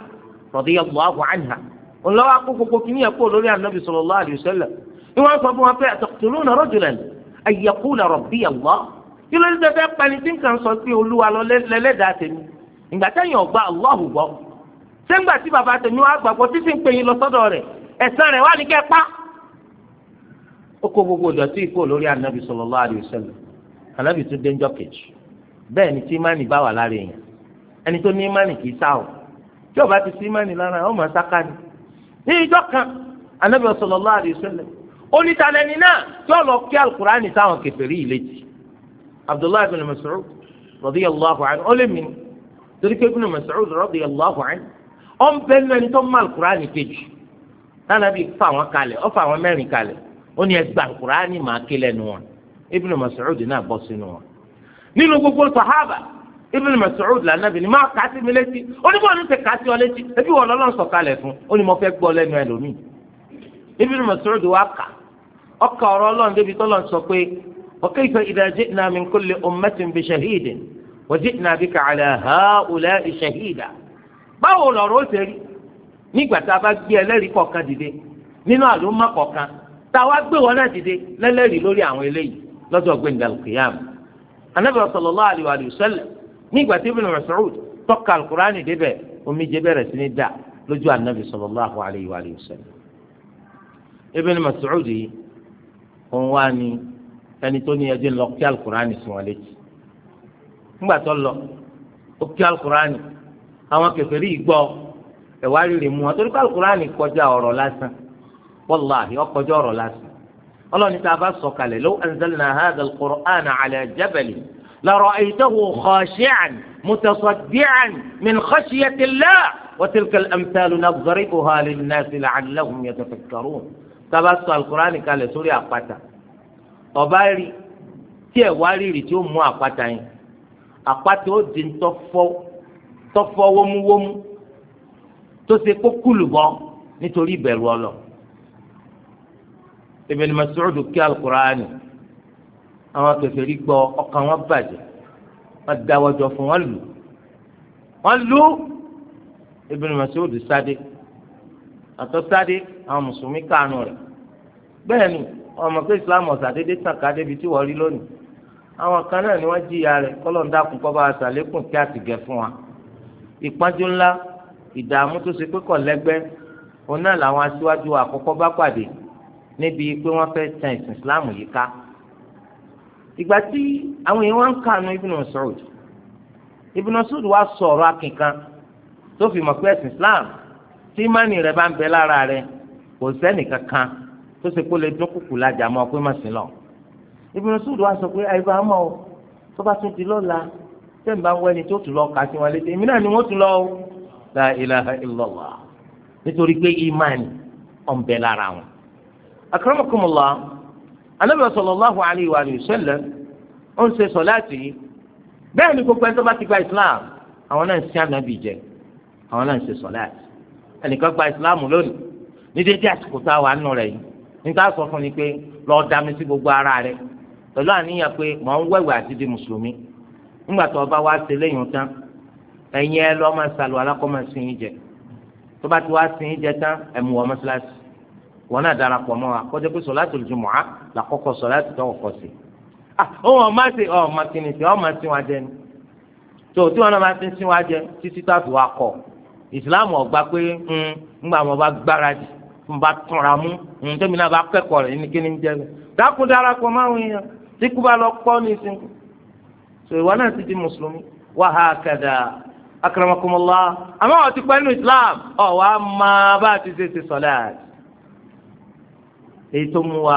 radiyallahu anha ńlọ́wọ́ kó gbogbo kìnìyàn kó lórí ànábì sallallahu alaihi wasallam ni wọ́n sọ fún wọn pé ataqtuluna rajulan an yaqula rabbiya Allah kí ló dé fẹ́ pẹni tí nǹkan sọ sí olúwa lọ lẹ́lẹ́dàá tèmi ìgbà tẹ́yìn ọ̀gbà Allahu gbọ́ sẹ́ńgbà tí bàbá tèmi wá gbàgbọ́ títí ń pè yín lọ sọ́dọ̀ rẹ̀ ẹ̀sán rẹ̀ wá ní kẹ́ pa. ó kó gbogbo ìdọ̀tí ikú lórí anabi sallallahu alaihi wasallam anabi tún dénjọ́ kejì bẹ́ẹ̀ ni tí imáni bá wà lára èèyàn ẹni tó ní imáni kì í sá o tí ó bá ti sí imáni lára ó máa sáká ni. ní ìjọ kan anabi sallallahu alaihi wasallam onítàlẹ́ni náà tí ó lọ kí alukur'ani sáwọn kèfèrí ìlẹ́jì Abdullahi bin Mas'ud radiyallahu anhu ó torí pé Ibn Mas'ud radiyallahu anhu ọ ń bẹ nínú tó mọ alukurani kejì tánàbí fa àwọn kalẹ̀ ọ fa àwọn mẹ́rin kalẹ̀ ó ní ẹgbà alukurani máa ké lẹ́nu wọn náà bọ́ sínú wọn. nínú gbogbo sahaba ni máa kàá sí mi létí onígbà wọn ti kàá sí ọ létí ebi wọn lọ́lọ́ sọ kalẹ̀ fún ó ní mo fẹ́ gbọ́ lẹ́nu ẹlòmíì Ibn Mas'ud wa wajidna bika ala haula'i shahida báwo lọ̀rọ̀ ó ṣe rí nígbà tá a bá gbé ẹlẹ́rìí kọ̀ọ̀kan dìde nínú àlùmọ́ kọ̀ọ̀kan tá a wá gbé wọn náà dìde lẹ́lẹ́rìí lórí àwọn eléyìí lọ́jọ́ gbẹ̀ngàn kìyàmù anabi sallallahu alayhi wa sallam nígbà tí ibn Mas'ud tọ́ka alukur'ani débẹ̀ omijé bẹ̀rẹ̀ sí ní dà lójú anabi sallallahu alayhi wa sallam ibn Mas'ud yìí òun wá ní ẹni tó ní ẹjẹ lọ kí alukur'ani sùn wọn létí ńgbà tó lọ ó kí alukurani àwọn kèfèrí ìgbọ́ ẹ̀wá rírì mu wọn torí pé alukurani kọjá ọ̀rọ̀ lásán wàláhi ó kọjá ọ̀rọ̀ lásán ọlọ́ni tá a bá sọ kalẹ̀ law anzalna hadha al-Qur'ana ala jabalin lara'aytahu khashi'an mutasaddi'an min khashyati llah wa tilka al-amthalu nadribuha lin-nasi la'allahum yatafakkarun tá a bá sọ alukurani kalẹ̀ sórí àpáta ọba rí tí ẹ̀wá rírì tí ó mú àpáta yẹn àpáta ó di ntọ́fọ́ tọ́fọ́ wómúwómú tó ṣe kó kúlù bọ́ nítorí ìbẹ̀rù ọlọ. Ibn Mas'ud kí al-Qur'ani àwọn kèfèrí gbọ́ ọkàn wọn bàjẹ́ wọ́n dáwọ́jọ fún wọn lù wọ́n lù Ibn Mas'ud sáde àtọ́ sáde àwọn mùsùlùmí kànú rẹ̀ bẹ́ẹ̀ ọmọ pé Islam ọ̀sà dédé tàn débi tí wọ́n rí lónìí àwọn kan náà ni wọ́n jìyà rẹ̀ kọ́lọ́n dákun kọ́ bá a sàlékùn kí a ti gẹ̀ fún wa ìpọ́njú ńlá ìdààmú tó ṣe pé kọ̀ lẹ́gbẹ́ òun náà làwọn aṣíwájú àkọ́kọ́ bá pàdé níbi pé wọ́n fẹ́ tan ìsìn Islam yìí ká ìgbà tí àwọn èèyàn wá ń kànú Ibn Saud Ibn Saud wá sọ̀rọ̀ akínkan tó fi mọ̀ pé ẹ̀sìn Islam tí ìmánì rẹ̀ bá ń bẹ lára rẹ̀ kò sẹ́nìkankan tó ṣe kó lè dún kùkù lájà mọ́ pé má sí lọ́wọ́ Ibn Mas'ud wa sọ pé àyíká mọ̀ ọ́ tó bá tún di lọ́la tẹ́ǹ bá wẹ́ni tó tún lọ kà sí wọn létí èmi náà ni wọ́n tún lọ o la ilaha illallah nítorí pé ìmánì ọ̀nbẹ lára wọn. akramakumullah anabi sallallahu alayhi wa sallam ó ń ṣe sọ̀láàtì yìí bẹ́ẹ̀ ni gbogbo ẹni tó bá ti gba islam àwọn náà ń sin anabi jẹ àwọn náà ń ṣe sọ̀láàtì ẹnìkan gba islam lónìí ní dédé àsìkò tá a wà nù rẹ̀ yìí nígbà sọ fún ni pé lọ́ọ́ dá mi sí gbogbo ara rẹ̀ pẹ̀lú àníyàn pé mò ń wẹ̀wẹ̀ àti di mùsùlùmí nígbà tó bá wá ṣe léyìn tán ẹ̀yin ẹ lọ́ máa ṣàlù alákọ̀ máa sin yín jẹ tó bá ti wá sin yín jẹ tán ẹ̀ mú wọ mọ́ṣáláṣí wọn náà darapọ̀ mọ́ wa kọjá pé sọ̀láàtì jùmọ̀á làkọ́kọ́ sọ̀láàtì tọ́wọ̀ kọ́ sí. ọ̀hún ah, ọ̀ máa ṣe ọ̀ máa kìnnì sí ọ̀ máa sin jẹ ni tó tí wọn náà máa ti sin wa jẹ títí tá a fi wa kọ ìsìláàmù ọ̀gbà bá gbáradì wọn bá túnra mú náà bá kẹ́kọ̀ọ́ rẹ̀ ní kíni jẹ́ dákúndarapọ̀ máa ń yan tíkú bá lọ pọ́ ní so ìwà náà ti di mùsùlùmí wa ha kàdà akaramakumọ́lá àmọ́ àwọn ti islam ọ wá máa bá ati ti ṣe ṣe sọ́láàtì wa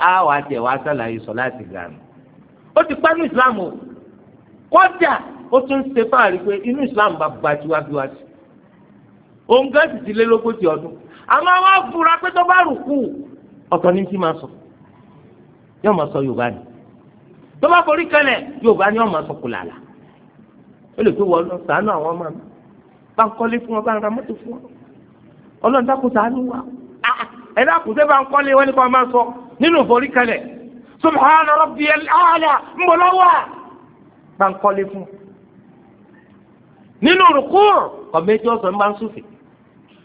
a wàá tẹ̀ wá ti islam o kọ́jà otu tún ṣe fáàrí inu islam bá gba tiwájúwájú òun si ama yóò máa sọ yorùbá ni tó bá forí kalẹ̀ yorùbá ni yóò máa sọ kùlàlà ó lè fi wọlé ṣàánú àwọn ọmọ mi bá ń kọ́lé fún wọn bá ń ra mọ́tò fún wọn ọlọ́run dákun ṣàánú wa ah, ah, ẹ̀dá kùsẹ́ bá ń kọ́lé wọn ni kò máa sọ nínú forí kalẹ̀ subhana rabbiyal a'la mbolowa. bọ̀ lọ́wọ́ bá ń kọ́lé fún nínú rúkú kọ̀mẹ́jì ọ̀sán bá ń súfì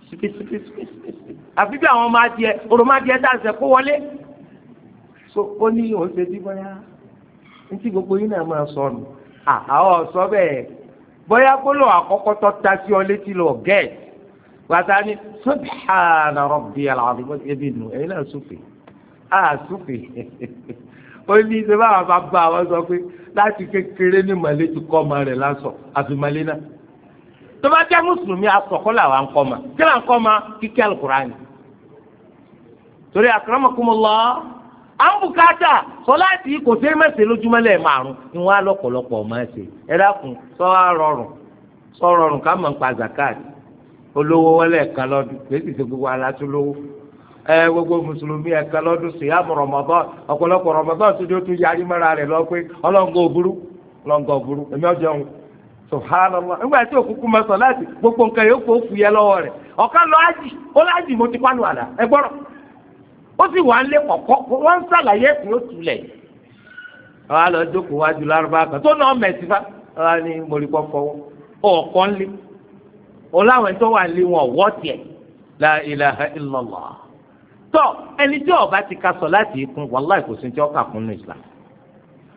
sífì sífì sífì àfi bí àwọn ọmọ adìẹ òròmọ adìẹ dáhùn sẹ́kó wọlé so ó ní òun ṣe tí bóyá ní tí gbogbo yín náà máa sọ nù àwọn ọ̀sọ́ bẹ́ẹ̀ bóyá gbólóhùn àkọ́kọ́ tó ta sí ọ létí lọ gẹ́ẹ̀t wàtá ni subhana rabbiyal azim ebi nù ẹ̀yin náà súfè á súfè ó ní ṣe báwa bá bá àwọn sọ pé láti kékeré ní màlẹ́ ti kọ́ ọmọ rẹ̀ lásọ̀ àfi màlẹ́ náà tó bá jẹ́ mùsùlùmí asọ̀kọ́ làwa ń kọ́ ma kí là ń kọ́ ma kíkẹ́ àlùkùránì torí akramakumullah. à ń bùkátà sọláàtì kò sí mẹ́sẹ̀ lójúmọ́ márùn ni wọ́n á lọ́pọ̀lọpọ̀ máa ṣe ẹ rọrùn rọrùn ká pa zakat olówó wọlé ẹ̀ka lọ́dún lẹ́sìn tó gbogbo alátú lówó ẹ gbogbo mùsùlùmí ẹ̀ka lọ́dún sí àmọ̀ Ramadan ọ̀pọ̀lọpọ̀ Ramadan tó ó tún yarí mọ́ra rẹ̀ lọ pé òbúrú òbúrú èmi gbogbo nǹkan lọ́wọ́ rẹ̀ ọ̀kan ó sì wà ń lé kọ̀kọ́ wọ́n ń sàlàyé ẹ̀kún ó tulẹ̀ wọ́n á lọ jókòó wájú lárúbá kan tó náà mẹ̀sí fa wọ́n á ní mọ̀lìkọ́ fọwọ́ ọ̀kọ́ ń lé o láwọn tó wà lé wọn wọ́ tiẹ̀ la ilaha illallah tọ́ ẹni tí ó bá ti ka sọ láti ikun wàláì kò sí ní tí ọkà kún ní islam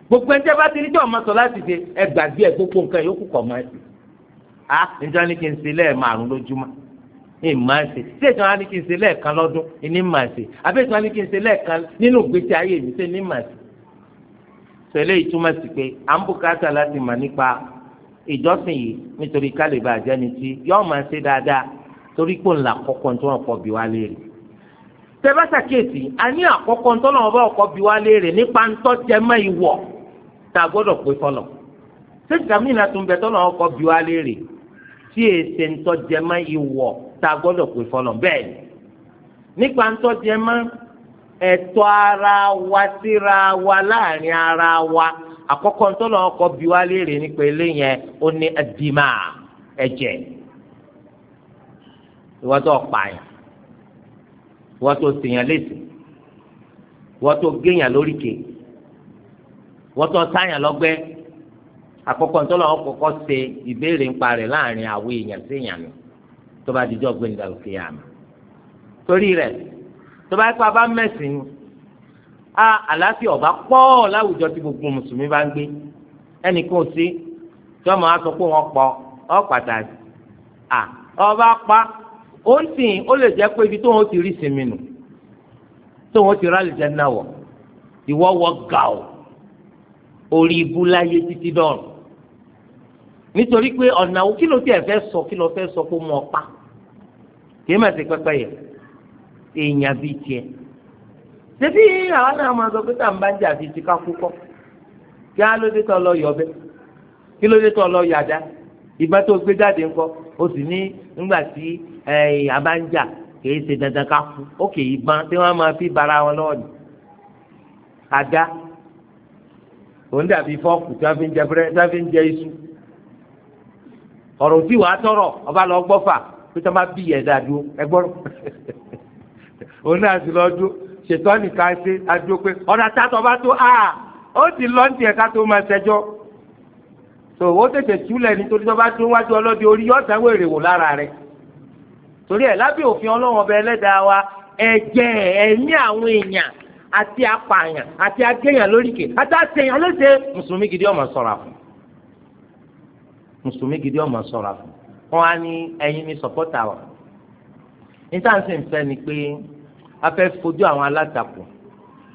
gbogbo ẹni tí a bá ti ní tí ọmọ sọ láti ṣe ẹgbàgbé ẹ gbogbo nǹkan yòókù kọ̀ mọ́ ẹ sí ah níjọ́ ni kí n ṣe lẹ́ẹ̀ márùn lójúmọ́ ní màá ṣe ṣé ìtàn wa ní kí n ṣe lẹ́ẹ̀kan lọ́dún ní màá ṣe àbí ìtàn wa ní kí n ṣe lẹ́ẹ̀kan nínú ìgbésí ayé mi ṣe ní màá ṣe. sẹ́lẹ̀ ìtumọ̀ sí pé à ń bùkátà láti mà nípa ìjọsìn yìí nítorí kálíbà àjẹni tí yọ́ọ̀ máa ṣe dáadáa torí pò ńlá kọ́kọ́ tí wọ́n kọ́ bí wá léèrè. tẹ́fẹ́ sàkíyèsí a ní àkọ́kọ́ tó náà wọ́n kọ́ bí wá léèrè nípa ńtọ́ jẹmọ́ ìwọ̀ tá a gbọ́dọ̀ pé fọlọ̀. sẹ́kàmínà tún bẹ tó náà wọ́n bí wá léèrè tí èsè ńtọ́ jẹmọ́ ìwọ̀ tá a gbọ́dọ̀ pè fọlọ́ bẹ́ẹ̀ ni nípa ń tọ́jú mọ́ ara wa síra ara wa àkọ́kọ́ ń tọ́lọ́ ọkọ̀ bí wá léèrè nípa eléyẹn ó ní ẹ̀dìmá ẹ̀jẹ̀ ìwọ́n tó pààyàn ìwọ́n tó ṣèyàn léṣe ìwọ́n tó sáyàn lọ́gbẹ́ àkọ́kọ́ tó bá dijọ́ gbẹ̀ndà òkè àmì torí rẹ̀ tó bá pa bá mẹ́sìn a àlàáfíà ọba pọ̀ láwùjọ tí gbogbo mùsùlùmí bá ń gbé ẹnìkan ò sí tí ọmọ wa sọ pé wọ́n pọ̀ ọ́ pàtàkì à ọba pa ó ń sìn ó lè jẹ́ pé ibi tó wọn ti rí sinmi nù tó wọn ti rálẹ̀ jẹ́ náà wọ̀ ìwọ́ wọ gàù orí ibú láyé títí dọ̀rùn nítorí pé ọ̀nà kí ló tiẹ̀ fẹ́ sọ kí ló fẹ́ sọ kó mọ ọ̀pá kì í mà sí pẹ́pẹ́ yẹ èèyàn bíi tiẹ̀ ṣébí àwọn náà máa sọ pé tá à ń bá ń jà bíi tìka kúkọ́ kí á ló dé tọ́ lọ yọ̀bẹ kí ló dé tọ́ lọ yàdá ìgbà tó gbé jáde ńkọ́ o sì ní nígbà tí àbájá kì í ṣe dandan ká kú ó kì tí wọ́n máa fi bara wọn lọ́wọ́ ni àdá òun dàbí fọ́ọ̀kù tí wọ́n fi ń jẹ ọ̀rọ̀ òbí wàá tọrọ ọba lọ gbọ́ fà pé tí wọ́n bá bí ẹ̀dá dúró ẹ gbọ́rọ̀ òun náà sì lọ dúró ṣètò nìkan ṣe adúró pé ọ̀dà tátọ̀ bá tó a ó ti lọ ní tiẹ̀ ká tó máa ṣẹjọ́ tó o tètè túlẹ̀ nítorí tó bá tó wájú ọlọ́dẹ orí ọ̀sán wèrè wò lára rẹ̀ torí ẹ̀ lábẹ́ òfin ọlọ́run ọba ẹlẹ́dàá wa ẹ̀jẹ̀ ẹ̀mí àwọn èèyàn àti apààyàn àti agéyàn lóríkè àti àtẹ̀yàn lóṣè mùsùlùmí gidi ọmọ sọ̀rọ̀ àfọ̀ mùsùlùmí gidi ọmọ sọ̀rọ̀ àfọ̀ wọn á ní ẹ̀yin ní sọ̀pọ́tà wa níta sì ń fẹ́ ni pé a fẹ́ fojú àwọn alátakò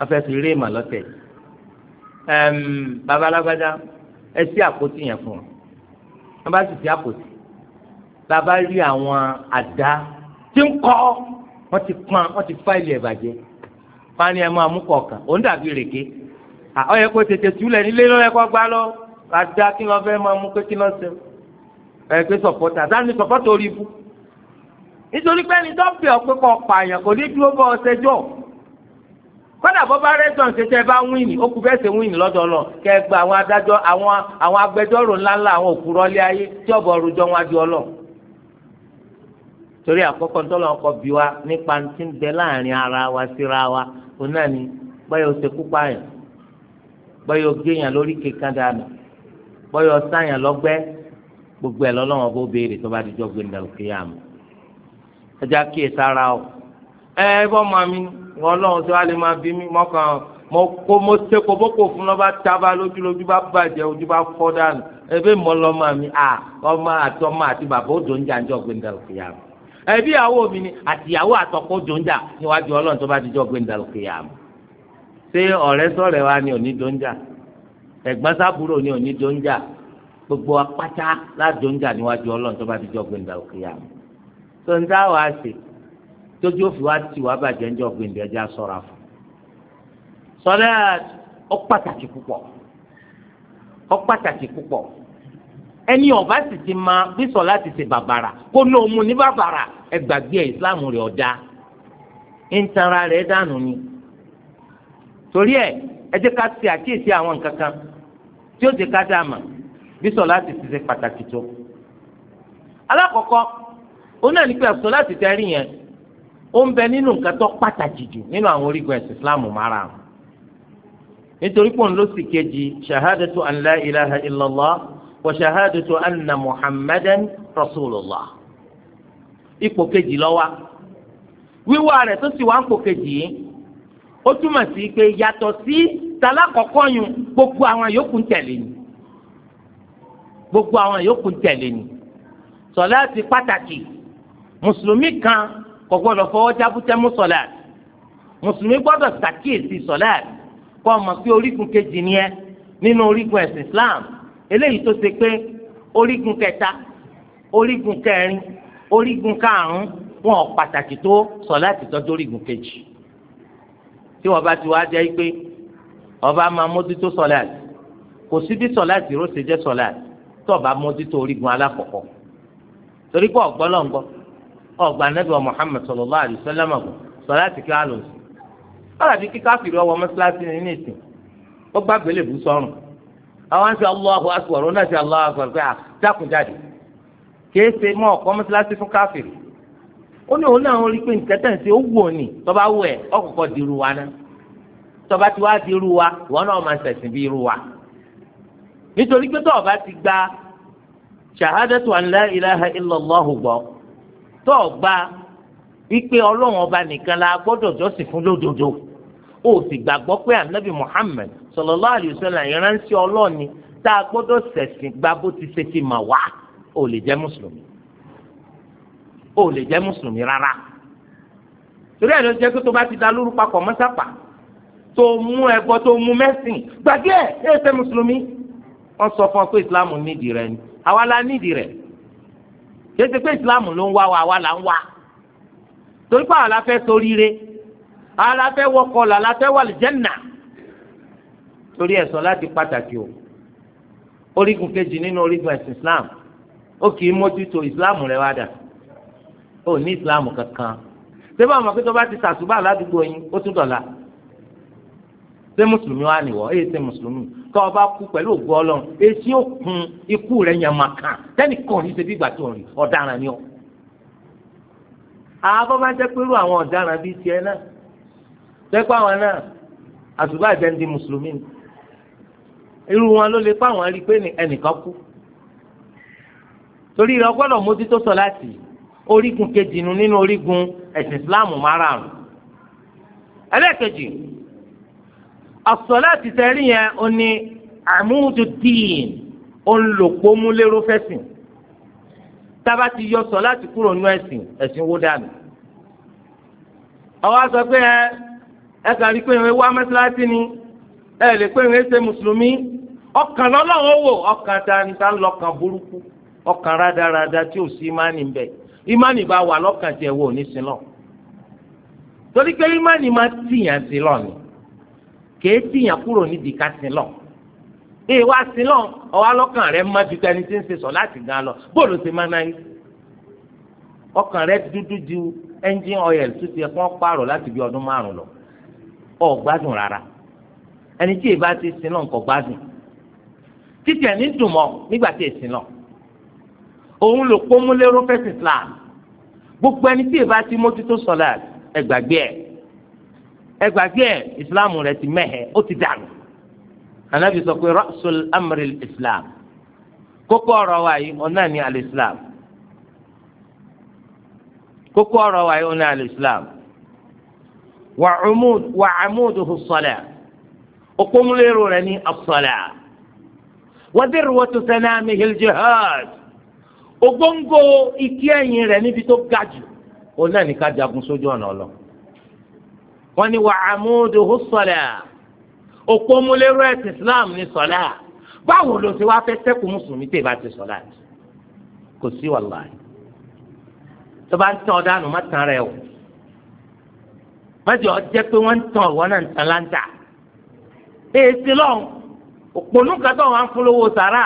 a fẹ́ fi rí ìmọ̀ lọ́tẹ̀ babalágbádá ẹ sí àpótí yẹn fún wọn wọn bá sì sí àpótí bàbá rí àwọn àdá tí ń kọ́ wọ́n ti pọn wọ́n ti fáìlì ẹ̀ bàjẹ́ wọ́n á ẹ máa mú òun dàbí rèké ọ yẹ kó tètè túlẹ̀ nílé lọ́yẹ kó gbá lọ́wọ́ kàdá kí lọ́ọ́ fẹ́ máa mú pé kí lọ́ọ́ sẹ́wọ́ ẹ pé sọ̀pọ̀tà sáni sọ̀pọ̀tà orí ibu nítorí pé ẹni tó ń pè ọ́ pé kọ́ pààyàn kò ní dúró bọ́ ọ̀sẹ̀jọ́ kọ́dà bọ́ bá rẹ́sọ̀n ṣe tẹ́ bá wíìnì ó kù bẹ́ẹ̀ ṣe wíìnì lọ́dọ̀ lọ kẹ́ ẹ gba àwọn adájọ́ àwọn àwọn agbẹjọ́rò ńláńlá àwọn òkúrọ́ lé ayé tí ọ̀bọ̀ rojọ́ wọn di ọlọ́ torí àkọ́kọ́ ńtọ́lọ́ ọkọ̀ bí wa nípa ti ń bẹ láàrin ara wa síra wa òun ni báyọ̀ ṣe kú báyọ̀ géèyàn lórí kékan dáadáa bọ́yọ̀ sáyàn lọ́gbẹ́ gbogbo ẹ̀ lọ́lọ́wọ́n bó béèrè tó bá di jọ́gbé ní alùkìyàmù ẹja kíyè sára o ẹ ẹ bọ́ mọ mi wọn lọ́wọ́ tí wàá lè máa bí mi mọ́kàn mo kó mo ṣe kó bó kò fún lọ́ bá tábà lójú lójú bá bàjẹ́ ojú bá fọ́ dànù ebe mọ lọ mọ mi a ọmọ àti ọmọ àti bàbá ó dòun jà ní jọ́gbé ní alùkìyàmù ẹbí ìyàwó mi ni àtìyàwó àtọkọ ó dòun jà níwájú ọlọ́run tó bá di jọ́gbé ní alùkìyàmù ṣé ọ̀rẹ́ sọ̀rẹ́ wa ni òní dòun jà ẹ̀gbọ́n sábúrò ni òní jọ ń jà gbogbo apáta láàjọ ń jà níwájú Ọlọ́run tó bá ti jọ gbẹ̀ǹdà òkè yà mí tó ń dá wàá sè tójú òfin wa ti wàá bàjẹ́ ń jọ gbẹ̀ǹdà ẹja sọ̀ra fún sọlẹ́ ọ pàtàkì púpọ̀ ọ pàtàkì púpọ̀ ẹni ọba sì ti ma bí sọlá ti ṣe bàbàrà kó ní òun ní bàbàrà ẹ gbàgbé ìsìláàmù rẹ̀ ń tanra rẹ̀ dànù ni torí ẹ ẹ jẹ́ ká ṣe àkíyèsí àwọn nǹkan kan tí ó ti ká dáa mà bí sọ láti ti ṣe pàtàkì tó. alákọ̀ọ́kọ́ òun náà ní pé àṣọ láti darí yẹn ó ń bẹ nínú nǹkan tó pàtàkì jù nínú àwọn orígun ẹ̀sìn Islam mara hàn nítorí pé òun ló sì kejì shahadatu an la ilaha illallah wa shahadatu anna muhammadan rasulullah ipò kejì lọ́wọ́ wíwá rẹ̀ tó sì wá ń pò kejì yìí ó túmọ̀ sí pé yàtọ̀ sí. Si, tala kọ̀kọ́ yun gbogbo àwọn yòókù ń tẹ̀lé ni gbogbo àwọn yòókù ń tẹ̀lé ni sọláàtì pàtàkì mùsùlùmí kan kò gbọdọ̀ fọwọ́ jábútẹ́ mú sọláàtì mùsùlùmí gbọdọ̀ ṣàkíyèsí sọláàtì kọ́ ọ mọ̀ pé kejì ni ẹ nínú orígun Islam eléyìí tó ṣe pé orígun kẹta orígun kẹrin orígun karùn-ún wọn ò pàtàkì tó sọláàtì tọ́jú orígun kejì tí wọ́n bá ti wá jẹ́ pé ọba máa mójútó sọláàtì kò sí bí sọláàtì ró ṣe jẹ́ sọláàtì tó ọba mójútó orígun alákọ̀ọ́kọ́ torí pé ọ̀gbọ́n lọ́n gbọ́ ọ̀gbà nẹ́bí wa Muhammad sallallahu alaihi wasallam sọláàtì kí á lò sí ọ̀làbí kíkà fìrí ọwọ́ mọ́sálásí ní ní ìsìn ó gbá gbélébù sọ́run àwọn àti Allahu akbar ó náà ti Allahu akbar pé à jákùjáde kìí ṣe mọ́ ọ̀kọ́ mọ́sálásí fún káfìrí ó ní òun náà ń rí pé nǹkan ń ṣe ó wù ó ní tọ́ bá wù ẹ̀ ọ̀kọ̀ọ̀kọ̀ dìrú wa náà tọba ti wá di irú wa ìwọ náà máa ṣẹ̀sìn bí irú wa nítorí pé tọ́ọ̀bá ti gba ṣàhádẹ́tù an la ilaha illallahu gbọ́ tọ́ọ̀gbà wípé ọlọ́run ọba nìkan la gbọ́dọ̀ jọ́sìn fún lódodo ó sì gbàgbọ́ pé anabi muhammed sallallahu alayhi wa sallam ìránṣẹ́ ọlọ́ọ̀ni tá a gbọ́dọ̀ ṣẹ̀sìn gba bó ti ṣe ti mà wá ó lè jẹ́ mùsùlùmí ó lè jẹ́ mùsùlùmí rárá torí ẹ̀ ló jẹ́ pé tó bá ti da lóru papọ̀ mọ́sápà tó mú ẹbọ tó mú mẹ́sìn gbàgbé ẹ̀ ẹ̀ ṣe mùsùlùmí wọ́n sọ fún ọ pé ìsìláàmù nídìí rẹ ni àwa la nídìí rẹ kìí ṣe pé ìsìláàmù ló ń wá wa àwa là ń wá torí pé àwa la fẹ́ ṣoríire àwa la fẹ́ wọkọ̀ là la fẹ́ wà lìjẹ́nà torí ẹ̀sọ́ láti pàtàkì o orígun kejì nínú orígun ẹ̀sìn islam ó kì í mójútó islam rẹ wá dà ó ní islam kankan ṣé báwọn ọmọ pé tó bá ti sàṣùbà ládùúgbò yín ó tún dọ̀la ṣé mùsùlùmí wà nìwọ èyí ṣe mùsùlùmí tó o bá kú pẹ̀lú ògo Ọlọ́run èsì òkun ikú rẹ̀ yẹn máa kàn tẹ́nìkan ní ṣebí ìgbà tó rìn ọ̀daràn ni ọ. àbọ̀ bá jẹ́ pé irú àwọn ọ̀daràn bíi tiẹ̀ náà jẹ́ pé àwọn náà àtùbà jẹ́ ń di mùsùlùmí ni irú wọn ló lè pa àwọn rí i pé ẹnìkan kú torí rẹ ọgbọ́dọ̀ mójútó sọ láti orígun kejì nínú orígun ẹ̀sìn Islam márààrún ẹlẹ́ẹ̀kejì as-salati tẹ̀rí yẹn ó ní àmúdù díìn ó ń lò pómúlérò fẹ́sìn tába ti kúrò ẹ̀sìn ẹ̀sìn wó dànù. sọ pé ẹ kàn rí pé ìwé wá ni ẹ lè pé ìwé ṣe mùsùlùmí ọkàn wò ọkàn lọ́kàn burúkú ọkàn rádaràda tí ò sí ìmánì ń ìmánì bá wà ní pé ìmánì máa kèé tìyàn kúrò nídìí ká sin lọ ee wá sin lọ ọwọ́ alọ́kàn rẹ má ju tẹni tí ń ṣe sọ láti gan lọ bóòlù ṣe máa náyé ọkàn rẹ dúdú ju engine oil tó ti yẹ kó pààrọ̀ láti bí ọdún márùn lọ ọ gbádùn rárá ẹni tí èèbá ti sin lọ nǹkan gbádùn títí ẹni dùn mọ́ nígbà tí èsìn lọ òun lò pọ́nmúlérò fẹ́sì Islam gbogbo ẹni tí èèbá ti mójútó sọ̀lá ẹgbàgbé ẹ̀ ẹgbàgbé ẹ ìsìláàmù rẹ ti mẹhẹ ó ti dànù anabi sọ pé rasul amri islam kókó ọ̀rọ̀ wa yìí ọ̀nà ni alislam kókó ọ̀rọ̀ wa yìí ọ̀nà alislam wà umud wà amuduhu as-salah òkúmúlérò rẹ ní as-salah wa dirwatu sanamihi al-jihad ògbóǹgbò rẹ níbi tó ga jù ọ̀nà ni ká jagun sójú ọ̀nà ọlọ́ọ̀ wọ́n ní wà àmúdù hùsọ̀là òpó múlẹ́rú ẹ̀sìn islam ní sọ̀là báwo ló ti wá fẹ́ sẹ́kù mùsùlùmí tẹ̀ bá ti sọ̀là kò sí wàláì tó bá ń tàn ọ́ dànù má tàn rẹ̀ o má jẹ́ ọ jẹ́ pé wọ́n ń tàn ọ̀wọ́ náà ń tàn láńtà èsì lọ́hùn òpònú kàtọ́ wọn á ń sàrà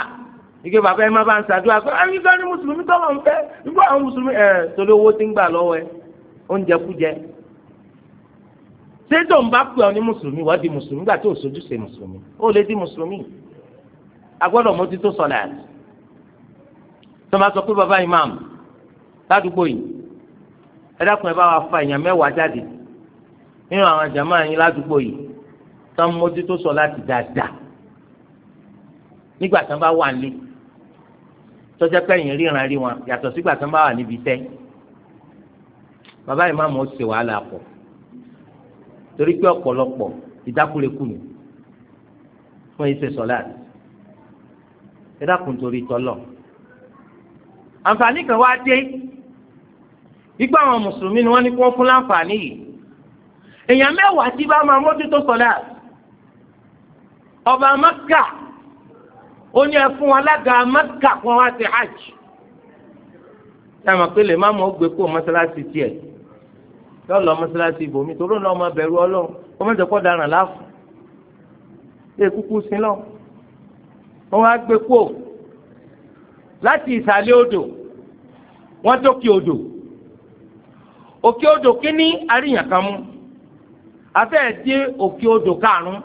ike bàbá ẹ má bá ń ṣàdúrà pé ẹni ká ní mùsùlùmí tọ́lọ̀ ń fẹ́ nígbà àwọn mùsùlùmí ẹ̀ torí owó ti ń gbà lọ́wọ́ ẹ oúnjẹ kújẹ sédò ń bá pè ọ ní mùsùlùmí wọ́n di mùsùlùmí gbà tí ò sojú ṣe mùsùlùmí ó lè di mùsùlùmí agbọ́dọ̀ mójútó sọ̀lá àti tó máa sọ pé bàbá ìmáàmù ládùúgbò yìí ẹ dákun ẹ bá wa fa èèyàn mẹ́wàá jáde nínú àwọn jàmá yín ládùúgbò yìí tó ń mójútó sọ̀lá àti dáadáa nígbà tó ń bá wà nílé tọ́jà pẹ́yìn ríran rí wọn yàtọ̀ sígbà tó ń bá wà níbi iṣẹ́ bàbá ìmáàmù ó ṣe wàhálà pọ̀ torí pé ọ̀pọ̀lọpọ̀ ìdákúrekú ni fún iṣẹ́ sọ̀láàtì ẹ dákun torí tọ́lọ̀ àǹfààní kan wá dé igbá àwọn mùsùlùmí ni wọ́n ní kí wọ́n fún láǹfààní yìí èèyàn mẹ́wàá tí bá máa mójútó sọ̀láàtì ọba Mẹ́kà ó ní ẹ fún alága Mẹ́kà fún wa ti hajj táwọn àpẹẹlẹ máa mọ̀ ó kó mọ́sálásí tiẹ̀. yọ lọ mọ́sálásí ibòmí torí ọ̀nà ọmọ bẹ̀rù ọlọ́run ó mọ̀ sẹ́kọ́ daràn láàfù ṣe kúkú sí lọ wọ́n wá gbé kó láti ìsàlẹ̀ odò wọ́n dókè odò òkè odò kínní àríyàn kan mú afẹ́ dé òkè odò karùn-ún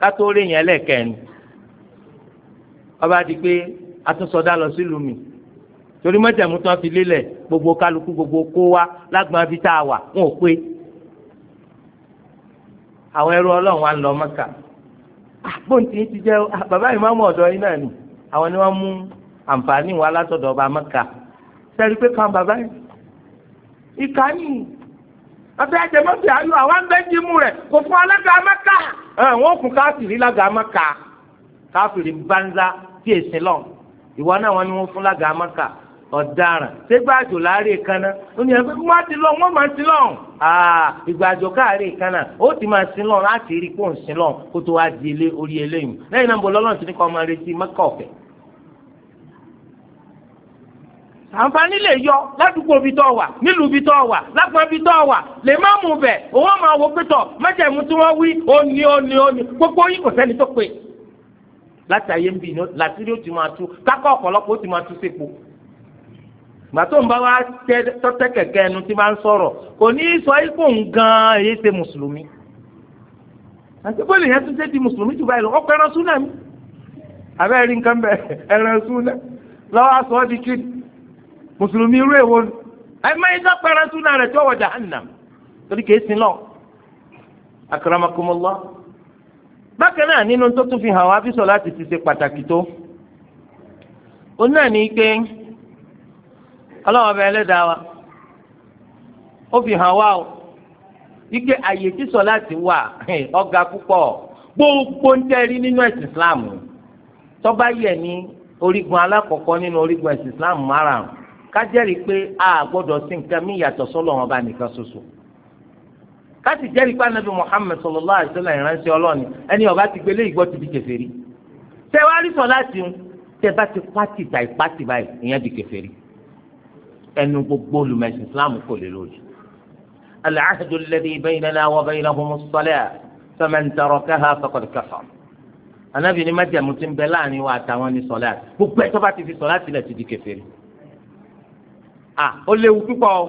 kátó rí yẹn lẹ́kẹ̀ẹ́ni ọba di pé atúnṣọdá lọ sílùú mi. torí mọ́jàmú tán fi lélẹ̀ gbogbo kálukú gbogbo kó wa lágbọ́n fi tá a wà wọn ò pé àwọn ẹrú ọlọ́run wa ń lọ mọ́kà ah, bóńtì ti jẹ́ ah, bàbá ìmáàmù ọ̀dọ́ yín náà ni àwọn ni wọ́n mú àǹfààní wa látọ̀dọ̀ ọba mọ́kà sẹ́rí pé kan bàbá yìí ìka ni ọbẹ̀ àjẹmọ́bì ayọ̀ àwọn abẹ́jì mú rẹ̀ kò fún alága mọ́kà wọ́n kún káfìrí lága mọ́kà káfìrí banza tí èsì lọ ìwọ náà wọn ni wọ́n fún lága mọ́kà ọ̀daràn ṣé gbàjò láàrin ìkànnà ó ní ẹgbẹ́ má ti lọ wọ́n má ti lọ ìgbàjò káàrin ìkànnà ó ti máa sin lọ láti rí pò ń sin lọ kó tó wá di ilé orí eléyìí lẹ́yìn náà ń bọ̀ lọ́lọ́run ti ní kọ́ máa retí mẹ́kà ọ̀fẹ́. àǹfààní lè yọ ládùúgbò bí tọ́ wà nílùú bí tọ́ wà lápá bí tọ́ wà lè má mú bẹ̀ òun máa wo pétọ̀ mẹ́jẹ̀mú tí wọ́n wí ó ní ó gbogbo yìí kò sẹ́ni tó pé látàyé ń bì ní látìrí ó ti máa tú kákọ́ ọ̀pọ̀lọpọ̀ ó ti máa tú sépo gbàtó ń bá wa tọ́tẹ́ kẹ̀kẹ́ ẹnu tí bá ń sọ̀rọ̀ kò ní í sọ ipò nǹkan èyí ṣe mùsùlùmí àti bóyá ìyẹn tún ṣe di mùsùlùmí jù báyìí lọ ọkọ ẹran súnà mi àbẹ́ rí nǹkan bẹ́ẹ̀ ẹran súnà lọ́wọ́ aṣọ ọ́ di kí mùsùlùmí irú èwo ni àìmọ́ yìí sọ pẹ̀rẹ́ súnà rẹ̀ tí ọwọ́ jahannam torí kìí sin lọ akramakumullah bákan náà nínú tó tún fi hàn wá bí láti ti ṣe pàtàkì tó òun náà ní pé. ọlọ́wọ́n ẹlẹ́dàá wa ó fi hàn wá o ike àyè tí wà ọ̀gá púpọ̀ gbogbo ń tẹ́rí nínú Islam tọ́ba yẹ ní orígun alákọ̀ọ́kọ́ nínú orígun Islam mara kájẹ́rìí pé a gbọ́dọ̀ sí nǹkan mí yàtọ̀ sọ́lọ́ wọn bá nìkan ṣoṣo káti jẹ́rìí pé anabi sallallahu ìránṣẹ́ ọlọ́ọ̀ni ẹni ọba ti gbélé ìgbọ́ ti di ń tẹ bá ti tàì báyìí ìyẹn di ẹnu gbogbo olùmẹ̀sìn islam kò lè lórí. al-ahdu alladhi baynana wa baynahumu as-salah faman tarakaha faqad kafara. anábì ní májàmú ti ń bẹ láàrin wa àtàwọn ní sọlá gbogbo ẹ̀ tó bá ti fi sọlá tilẹ̀ ti di kèfèrí. à ó léwu púpọ̀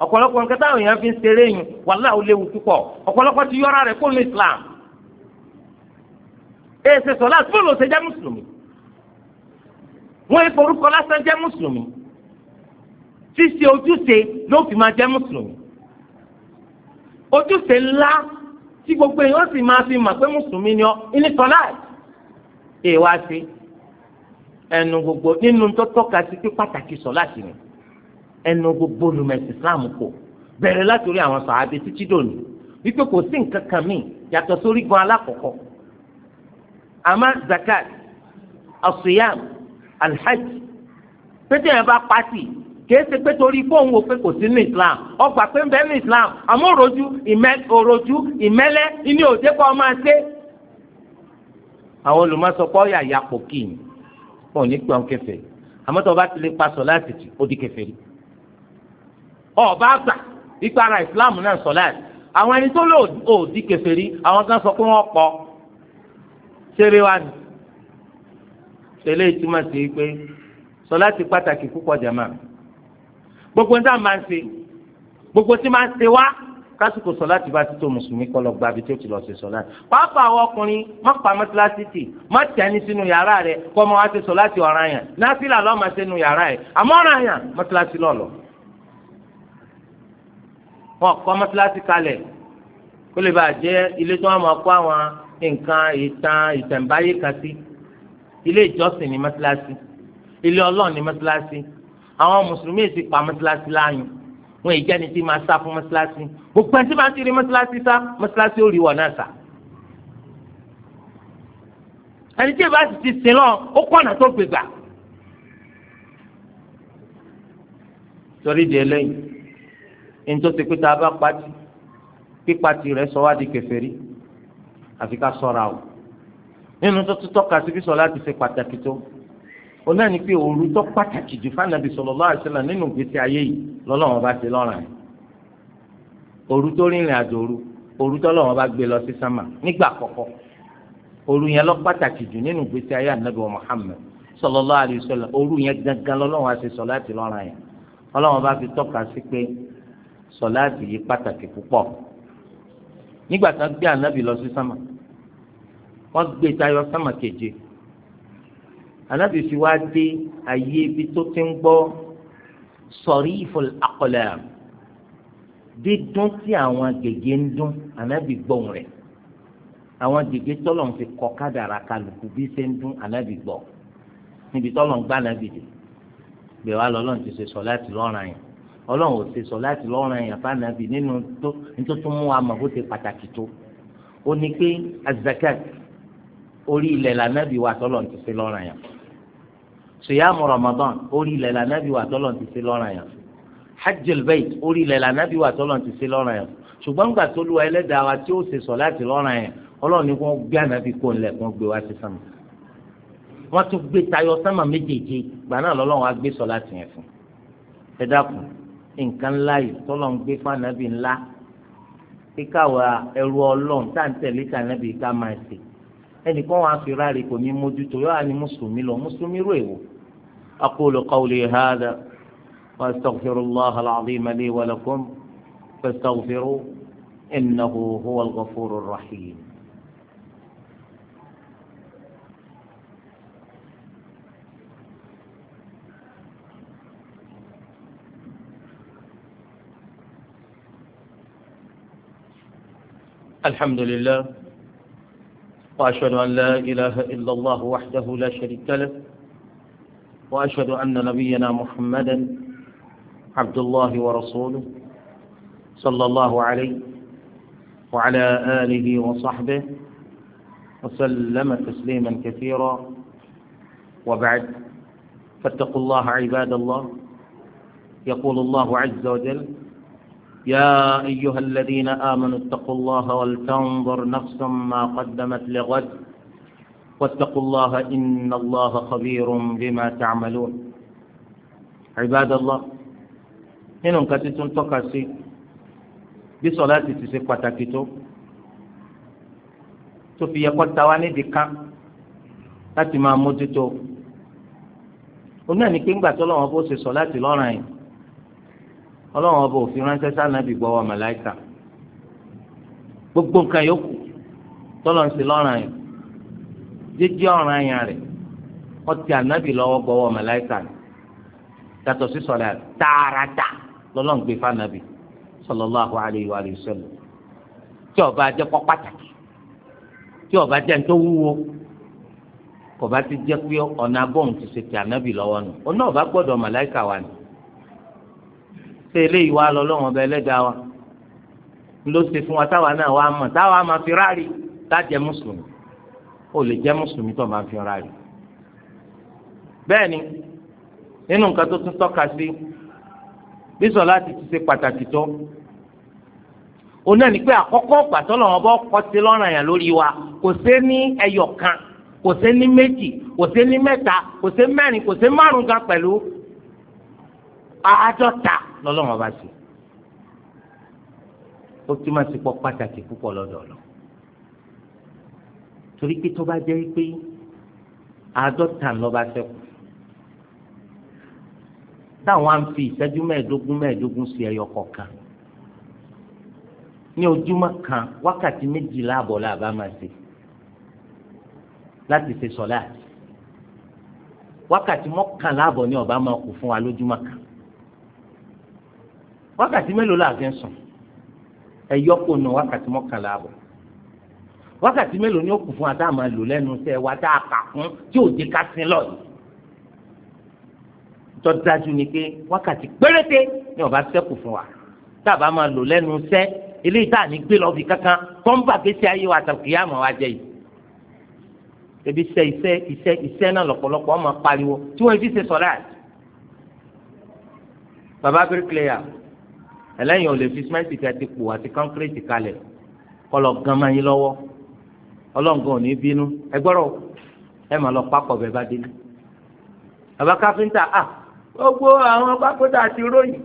ọ̀pọ̀lọpọ̀ nǹkan táwọn èèyàn fi ń ṣeré yìí wàláhì ó léwu púpọ̀ ọ̀pọ̀lọpọ̀ ti yọra rẹ̀ kó islam. èsì sọlá fúlùú ṣe mùsùlùmí wọ́n ṣíṣe ojúṣe ló fi máa jẹ́ mùsùlùmí ojúṣe ńlá tí gbogbo èèyàn sì máa fi mà pé mùsùlùmí ni ọ ní sọláì èèwà sí ẹnu gbogbo nínú tó tọ́ka sí pé pàtàkì sọláàtì ni ẹnu gbogbo olùmẹ̀sì Islam kò bẹ̀rẹ̀ láti orí àwọn sàábé títí dòní wípé kò sí nǹkan kan míì yàtọ̀ sórí gan alákọ̀ọ́kọ́ àmọ́ zakat asuyam alhaj pété yẹn bá pàṣẹ kìí ṣe pé torí fóun wò pé kò sí ní islam ọgbà pé ń bẹ ní islam àmọ́ òrojú òrojú ìmẹ́lẹ́ inú òde kọ́ ọ máa ṣe. àwọn olùmọ̀sọ̀kọ́ yà ya pò kì í wọn ò ní pẹ́ ọ́n kẹfẹ́ àmọ́ tó bá ti lè paṣọ láti tì ó di kẹfẹ́ rí. ọba àgbà ìpara islam náà sọ láti àwọn ẹni tó lò ó di kẹfẹ́ rí àwọn kan sọ pé wọ́n pọ̀ ṣeré wa ni ṣẹlẹ̀ ìtumọ̀ sí pé sọ láti pàtàkì púpọ̀ jàmáà gbogbo ní táwọn máa ń ṣe gbogbo tí máa ń ṣe wá kásìkò sọláàtì bá ti tó mùsùlùmí kọ́ lọ gba ibi tí ó ti lọ ṣe sọláàtì pàápàá àwọn ọkùnrin má pa mọ́tíláṣí tì má tẹ́ni sínú yàrá rẹ̀ kọ́ ọmọ wa ṣe sọláàtì ọ̀ràn yẹn násìlà lọ́ọ́ máa ṣe nu yàrá ẹ̀ àmọ́ ọ̀ràn yẹn mọ́tíláṣí lọ́ọ̀lọ́ wọn kọ́ mọ́tíláṣí kalẹ̀ kó lè bàa jẹ́ ilé tí wọ́n máa kó àwọn nǹkan ìtàn ìtẹ̀ǹbáyé kan sí ilé ìjọsìn ní mọ́tíláṣí ilé ọlọ́run ní mọ́tíláṣí àwọn mùsùlùmí ti pa mọ́sálásí láàyè wọn èyí jẹ́ni tí máa sá fún mọ́sálásí gbogbo ẹni tí máa ti rí mọ́sálásí sá mọ́sálásí ó rí wọn náà sá. ẹni tí ìbá sì ti sin lọ ó kọ́nà tó gbégbà. torí di eléyìí ní tó ti pé tá a bá pati pípati rẹ̀ sọ wá di kèfèrí àfi ká ṣọ́ra o nínú tó tó tọ́ka sí bí sọ láti ṣe pàtàkì tó. Ona náà ní pé òru tó pàtàkì jù fánàbì sallallahu alaihi wasallam nínú ìgbésí ayé yìí lọ́lọ́wọ́n bá ti lọ́ràn yìí òru tó rìnrìn àjò òru òru tó lọ́wọ́n bá gbé lọ sí sámà nígbà àkọ́kọ́ òru yẹn lọ pàtàkì jù nínú ìgbésí ayé ànábì wa Muhammad sallallahu alaihi wasallam òru yẹn gangan lọ́lọ́wọ́n á ti sọ láti lọ́ràn yìí ọlọ́wọ́n bá fi tọ́ka sí pé sọláàtì yìí pàtàkì púpọ̀ nígbà tó gbé ànábì lọ sí sámà wọ́n gbé tayọ sámà keje anabi fi wá dé ayé ibi tó ti ń gbọ́ sọ̀rí ìfọ̀l àkọlẹ̀ dídún tí àwọn gègé ń dún anabi gbọ́n rẹ̀ àwọn gègé tọ́lọ̀ ń fi kọ́ kádàrá kálukú bí ṣe ń dún anabi gbọ́ níbi tọ́lọ̀ ń gbá anabi dé bẹ́ẹ̀ wá lọ́lọ́run ti ṣe sọ láti lọ́ràn yẹn ọlọ́run ò ṣe sọ láti lọ́ràn yẹn fànàbì nínú tó nítorí mú wa mọ̀ bó pàtàkì tó ó ní pé azakat orí ilẹ̀ lànàbì wa tọ́lọ́run ti ṣe lọ́ràn yẹn siyamu ramadan orí ilẹ̀ la nábì wà tọ́lọ̀ ti ṣe lọ́ràn yàn hajjil bayt orí ilẹ̀ la nábì wà tọ́lọ̀ ti ṣe lọ́ràn yàn ṣùgbọ́n gbà tó lu ẹlẹ́dàá wa tí ó ṣe sọ láti lọ́ràn yàn ọlọ́run ni wọ́n gbé ànábì kó ńlẹ̀ wọ́n gbé wá sí sánmà wọ́n tún gbé tayọ sánmà méjèèjì gbà náà lọ́lọ́run á gbé sọ láti yẹn fún ẹ dákun nǹkan ńlá yìí tọ́lọ̀ gbé fún ànábì ńlá kíkàwá ẹrú ọlọ́run tá à ń ká máa ṣe ẹnìkan wàá fi ráre kò ní mójútó yóò wá ní mùsùlùmí lọ mùsùlùmí rò èwò أقول قولي هذا وأستغفر الله العظيم لي ولكم فاستغفروا إنه هو الغفور الرحيم الحمد لله وأشهد أن لا إله إلا الله وحده لا شريك له وأشهد أن نبينا محمدا عبد الله ورسوله صلى الله عليه وعلى آله وصحبه وسلم تسليما كثيرا وبعد فاتقوا الله عباد الله يقول الله عز وجل يا أيها الذين آمنوا اتقوا الله ولتنظر نفس ما قدمت لغد واتقوا الله إن الله خبير بما تعملون عباد الله nínú nǹkan tí tún tọ́ka sí bí sọláàtì ti ṣe pàtàkì tó tó fi yẹ kó ta wá nídìí ká láti máa mójútó òun náà ní pé ńgbà tó lọ́wọ́ bó ṣe sọláàtì lọ́ràn yìí ọlọ́wọ́ bó fi ránṣẹ́ sànàbì gbọ́wọ́ màláìkà gbogbo nǹkan yòókù tọ́lọ́ ń ṣe lọ́ràn yìí jíjí ọ̀ràn àyàn rẹ̀ ọtí ànábì lọ́wọ́ gbọ́wọ́ màláíkà ni yàtọ̀ sí sọ̀rọ̀ tààràtà lọ́lọ́n gbé fànàbì sallallahu alayhi wa sallam tí ọba jẹ́ kọ́ pàtàkì tí ọba jẹ́ ń tó wúwo kò bá ti jẹ́ pé ọ̀nà agbóhùn ti ṣe ti ànábì lọ́wọ́ nù ọ̀nà ọba gbọ́dọ̀ màláíkà wa ni ṣé eléyìí wá lọ lọ́wọ́ ọba ẹlẹ́dàá wa ló ṣe fún wa táwa náà wá mọ̀ táwa máa fi ráàlì lájẹ mùsùlùmí ó lè jẹ́ mùsùlùmí tó máa fi ọ̀rá rẹ̀ bẹ́ẹ̀ ni nínú nǹkan tó tún tọ́ka sí bí sọláàtì ti ṣe pàtàkì tó òun náà ni pé àkọ́kọ́ pàtó lọ́wọ́ bọ́ kọ́ sí lọ́rùn àyàn lórí wa kò sí ní ẹyọ kan kò sí ní méjì kò sí ní mẹ́ta kò sí mẹ́rin kò sí márùn gan pẹ̀lú àádọ́ta lọ́lọ́wọ́ bá sí ó túmọ̀ sí pọ́ pàtàkì púpọ̀ lọ́dọ̀ torí pé tó bá jẹ́ pé àádọ́ta lọ́ba sẹ́kù táwọn á ń fi ìṣẹ́jú mẹ́ẹ̀ẹ́dógún mẹ́ẹ̀ẹ́dógún sí ẹyọ kọ̀ọ̀kan ní ojúmọ́ kan wákàtí méjìlá àbọ̀ la bá máa ṣe láti ṣe sọ̀lá wákàtí mọ́kànlá àbọ̀ ni ọba máa kù fún wa lójúmọ́ kan wákàtí mélòó la fi ń sùn ẹ̀yọ́kùnù wákàtí mọ́kànlá àbọ̀ wákàtí mélòó ni ó kù fún wa tá a máa lò lẹ́nu sẹ́ wa tá a kà fún tí ò di ká sin lọ yìí tọ́dájú ni pé wákàtí péréte ni ọba sẹ́kù fún wa tá a bá máa lò lẹ́nu sẹ́ eléyìí tá a ní gbé lọ́ọ̀bì kankan tó ń ayé wa tàbí kìí àmọ́ wa jẹ yìí ebi sẹ iṣẹ́ iṣẹ́ iṣẹ́ náà lọ́pọ̀lọpọ̀ ọmọ pariwo tí wọn fi ṣe sọlá yìí baba bíríkìlẹyà ẹlẹyìn ò lè fi simẹnti tí a ti pò àti kọńkírẹtì kalẹ̀ kọlọ gan máa yín lọ́wọ́ ọlọ́ngàn ò ní bínú ẹ gbọ́rọ̀ ẹ mà lọ pápọ̀ bẹ́ẹ̀ bá délé bàbá káfíńtà à ah, gbogbo àwọn pápótà àti róyìn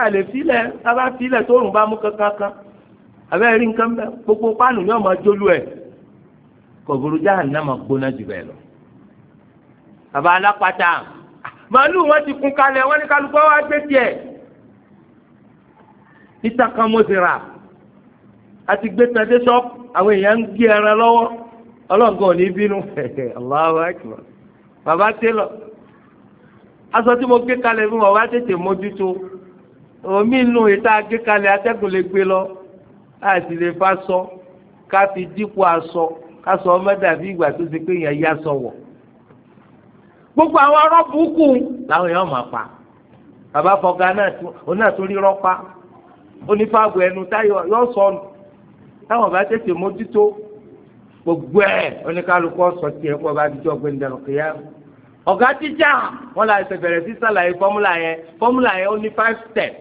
a lè filẹ̀ a bá filẹ̀ tó rùn bá mú kankan abẹ́ rí nǹkan bẹ́ẹ̀ gbogbo pánù ni wọ́n máa jólú ẹ̀ kòburu jahannama gbóná jù bẹ́ẹ̀ lọ. bàbá alápàtà màálù wọn ti kún kalẹ̀ wọn ní kálukọ́ wa gbé tiẹ̀ níta àti gbé tàdé ṣọ́ọ̀pù àwọn èèyàn ń gé ẹran lọ́wọ́ ọlọ́ǹkan ò ní bínú Allahu akbar bàbá télọ̀ aṣọ tí mo gbé kalẹ̀ fún tètè lọ láti lè fa sọ ká fi dípò aṣọ ká sọ ọmọ dàbí ìgbà tó ti pé èèyàn yá sọ wọ̀ gbogbo àwọn rọ́ọ̀bù kù làwọn èèyàn máa pa bàbá fọgá náà táwọn bá tètè mójútó gbogbo ẹ̀ oníkálukú ọ̀sọ̀ tiẹ̀ kó bá dijọ́ gbé ní dànù kìyà ọ̀gá tíjà wọn là ṣe bẹ̀rẹ̀ sí sàlàyé fọ́múlà yẹn fọ́múlà yẹn ó ní five steps.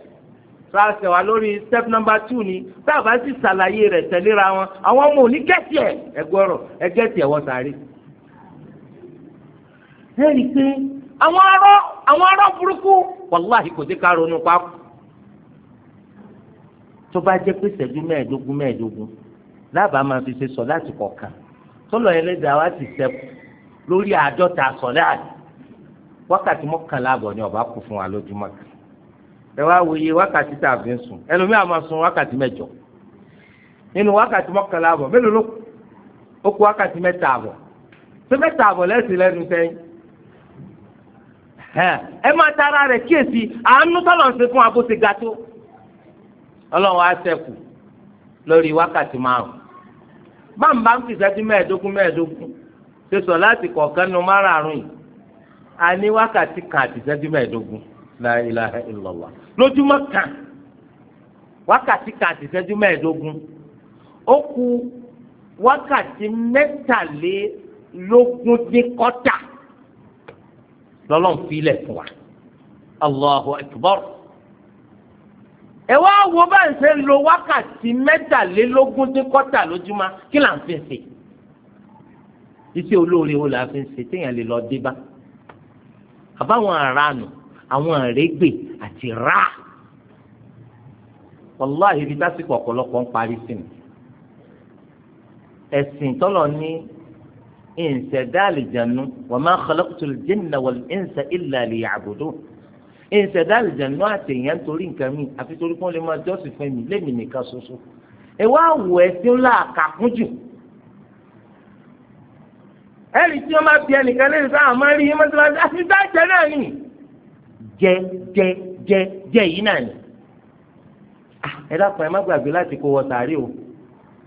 tó a ṣẹ̀wá lórí step number two ni tá a bá sì sàlàyé rẹ̀ tẹ̀léra wọn àwọn ọmọ òní gẹ̀ẹ́sì ẹ̀ ẹgbọ́rọ̀ ẹgẹ́sì ẹ̀ wọ́n sáré. ẹ rí i pé àwọn arọ àwọn arọ burúkú wàláhì kò dé ká ronú pápá tó bá jẹ́ pé ìṣẹ́jú mẹ́ẹ̀ẹ́dógún mẹ́ẹ̀ẹ́dógún lábàá máa fi ṣe sọ̀láàtì kọ̀ọ̀kan tọ́lọ̀ ẹlẹ́dàá wa ti sẹ́kù lórí àádọ́ta sọ̀láàtì wákàtí mọ́kànlá àbọ̀ ni ọba kù fún wa lójúmọ́ kan ẹ wá wòye wákàtí tá a fi ń sùn ẹlòmíà máa sùn wákàtí mẹ́jọ nínú wákàtí mọ́kànlá àbọ̀ mélòó ló ó kù wákàtí mẹ́ta àbọ̀ tó mẹ́ta àbọ̀ lẹ́sìn lẹ́nu sẹ́yìn ẹ máa tara rẹ̀ kíyèsí àánú tọ́lọ̀ ń ṣe fún abóṣe gàtó. ọlọ́run á sẹ́kù lórí wákàtí márùn-ún bámbá ń fìṣẹ́jú mẹ́ẹ̀ẹ́dógún mẹ́ẹ̀ẹ́dógún ṣe sọ láti kọ̀ọ̀kan nu márààrún yìí a ní wákàtí kan àti ìṣẹ́jú mẹ́ẹ̀ẹ́dógún la ilaha lójúmọ́ kan wákàtí kan ẹ wá wo bá ń ṣe lo wákàtí mẹ́tàlélógún dín kọ́tà lójúmọ́ kí là ń fi ṣe iṣẹ́ olóore wo là ń fi ṣe téèyàn lè lọ dé bá àbáwọn aráàlú àwọn àrégbè àti rà wàláhì ibi tásìkò ọ̀pọ̀lọpọ̀ ń parí sí mi ẹ̀sìn tọ́lọ̀ ní ìǹsẹ̀dá àlìjánu wa ma khalaqtul jinna wal insa illa liya'budun ìṣẹ̀dá àlùjànnú àtẹ̀yìn nítorí nǹkan mi àfi torí kí wọ́n lè máa jọ́sìn fún mi lémi nìkan ṣoṣo ìwà àwò ẹ̀sìn ńlá àkàkún jù ẹ̀rì tí wọ́n máa fi ẹnìkan lè sáà máa rí yín mọ́tòmọ́tò àti dájẹ́ náà nì jẹ jẹ jẹ jẹ yìí náà nì ah, ẹ dákun ẹ má gbàgbé láti kó wọ sàárè o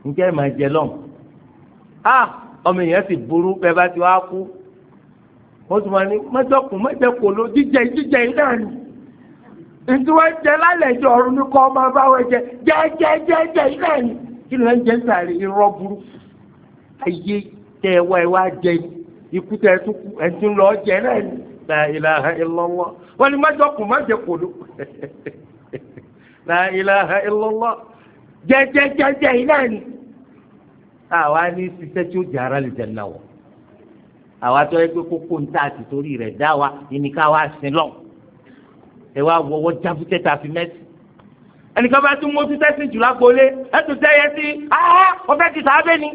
ǹjẹ́ ẹ máa jẹ lọ́hùn ah, ọmọ èèyàn sì burú bẹ́ẹ̀ bá ti wá kú wọ́n tún wá ní mọ́jọ́kùn mọ́jẹ́kùn ló jíjẹ jíjẹ náà ni ntí wọ́n jẹ lálẹ́ jọ ọ̀run ní kọ́ ọmọ bá wọ́n jẹ jẹ́jẹ́jẹ́jẹ́ náà ni kí ló ń jẹ sàrí irọ́ burú ayé tẹ ẹ wá ẹ wá jẹ ikú tẹ ẹ tún kú ẹ tún lọ jẹ náà ni la ilaha illallah wọ́n ní mọ́jọ́kùn mọ́jẹ́kùn ló la ilaha illallah jẹ́jẹ́jẹ́jẹ́ náà ni àwa ní sísẹ́ tí ó jẹ́ ara lè jẹ náà wọ̀ àwa tó yẹ pé kókó ń tà àti torí rẹ̀ dá wa ìníká wa sin lọ ẹ wá wọwọ jábútẹ́ tàfi mẹ́sì ẹnìkan bá tún mójú tẹ́sí jù lápòlé ẹtù tẹ́yẹ sí ahá ọ̀fẹ́ ti sàábẹ́ ni.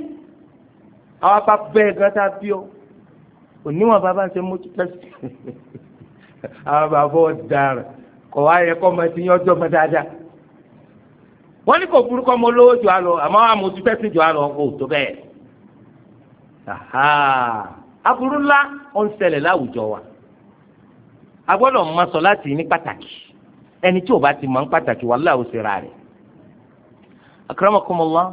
àwọn apá bẹ́ẹ̀ gan tá a bí ọ òníwọ̀n bàbá ń ṣe mójú tẹ́sí àwọn bàbá ọ̀daràn kọ̀ wá yẹ kọ́ ọmọ yín ọjọ́ mọ́ dáadáa. wọ́n ní kò burúkọ ọmọ olówó jù á àmọ́ àwọn mójú tẹ́sí jù á kò tó bẹ́ẹ̀ aburú ńlá ó ń ṣẹlẹ̀ láwùjọ wa a gbọ́dọ̀ mọ sọ̀láàtì ní pàtàkì ẹni tí ò bá ti mọ̀ ní pàtàkì wàhálà ó ṣe ra rẹ̀ akramakumullah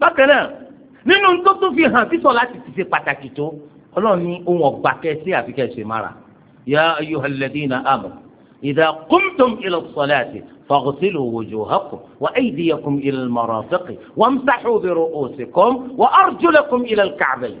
bákan náà nínú tó tó fi hàn tí sọ̀láàtì ti ṣe pàtàkì tó ọlọ́run ní ohun ọ̀gbà kẹsí àfi kẹsí mára ya ayyuhal ladina amanu idha qumtum ila salati فاغسلوا وجوهكم وأيديكم إلى المرافق وامسحوا برؤوسكم وأرجلكم إلى الكعبين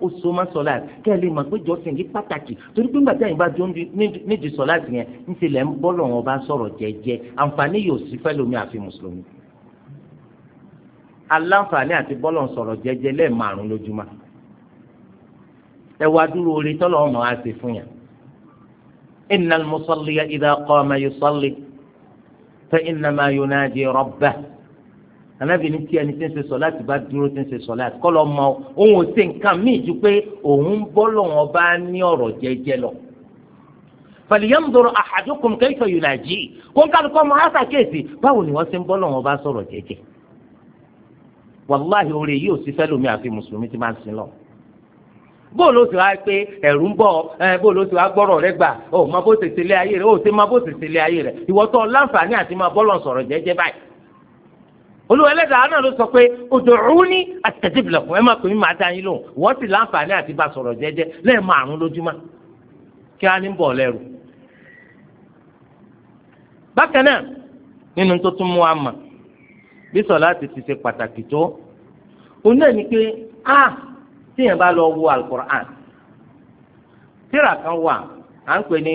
ó so má sọ láti kẹ́ ẹ lè mọ̀ pé jọ́sìn yìí pàtàkì torí pé gbàtà yìí bá jó nídìí sọ láti yẹn ń tilẹ̀ ń bọ́ lọ́wọ́ bá sọ̀rọ̀ jẹ́jẹ́ àǹfààní yóò sí fẹ́ lómi àfi mùsùlùmí aláǹfààní àti bọ́lọ̀ sọ̀rọ̀ jẹ́jẹ́ lẹ́ẹ̀márùn lójúmọ́ ẹ wá dúró orí tọ́lọ̀ ọmọ wa ṣe fún yàn innal musalli idha qama yusalli fa innama yunadi rabbah anabi ní tí ẹni tí ń ṣe sọláàtì bá dúró tí ń ṣe sọláàtì kọ́ lọ mọ òun ò ṣe nǹkan míì ju pé òun ń bọ́ lọ́wọ́n bá ní ọ̀rọ̀ jẹ́jẹ́ lọ. fàlìyàmùdòrò àhàdókùn kẹ́fẹ́ yùnàjì kóńkàlùkọ́ mọ àṣà kéèsì báwo ni wọ́n ṣe ń bọ́ lọ́wọ́n bá sọ̀rọ̀ jẹ́jẹ́. wàláhì oore yìí ò sí fẹ́lómi àfi mùsùlùmí ti máa ń sin lọ bóòlù tí wàá pé ẹ̀rù ń bọ̀ bóòlù ti máa olúwa ẹlẹ́dàá náà ló sọ pé ud'uni astajib lakum ẹ má pè mí màá dá yín lóhùn wọ́n sì láǹfààní àti bá sọ̀rọ̀ jẹ́jẹ́ lẹ́ẹ̀ márùn lójúmọ́ kí á ní bọ̀ lẹ́rù. bákan náà nínú tó tún mú wa mọ̀ bí sọ̀lá ti ti ṣe pàtàkì tó òun náà ni pé a tíyẹn bá lọ wo alukur'an tíra kan wà à ń pè ní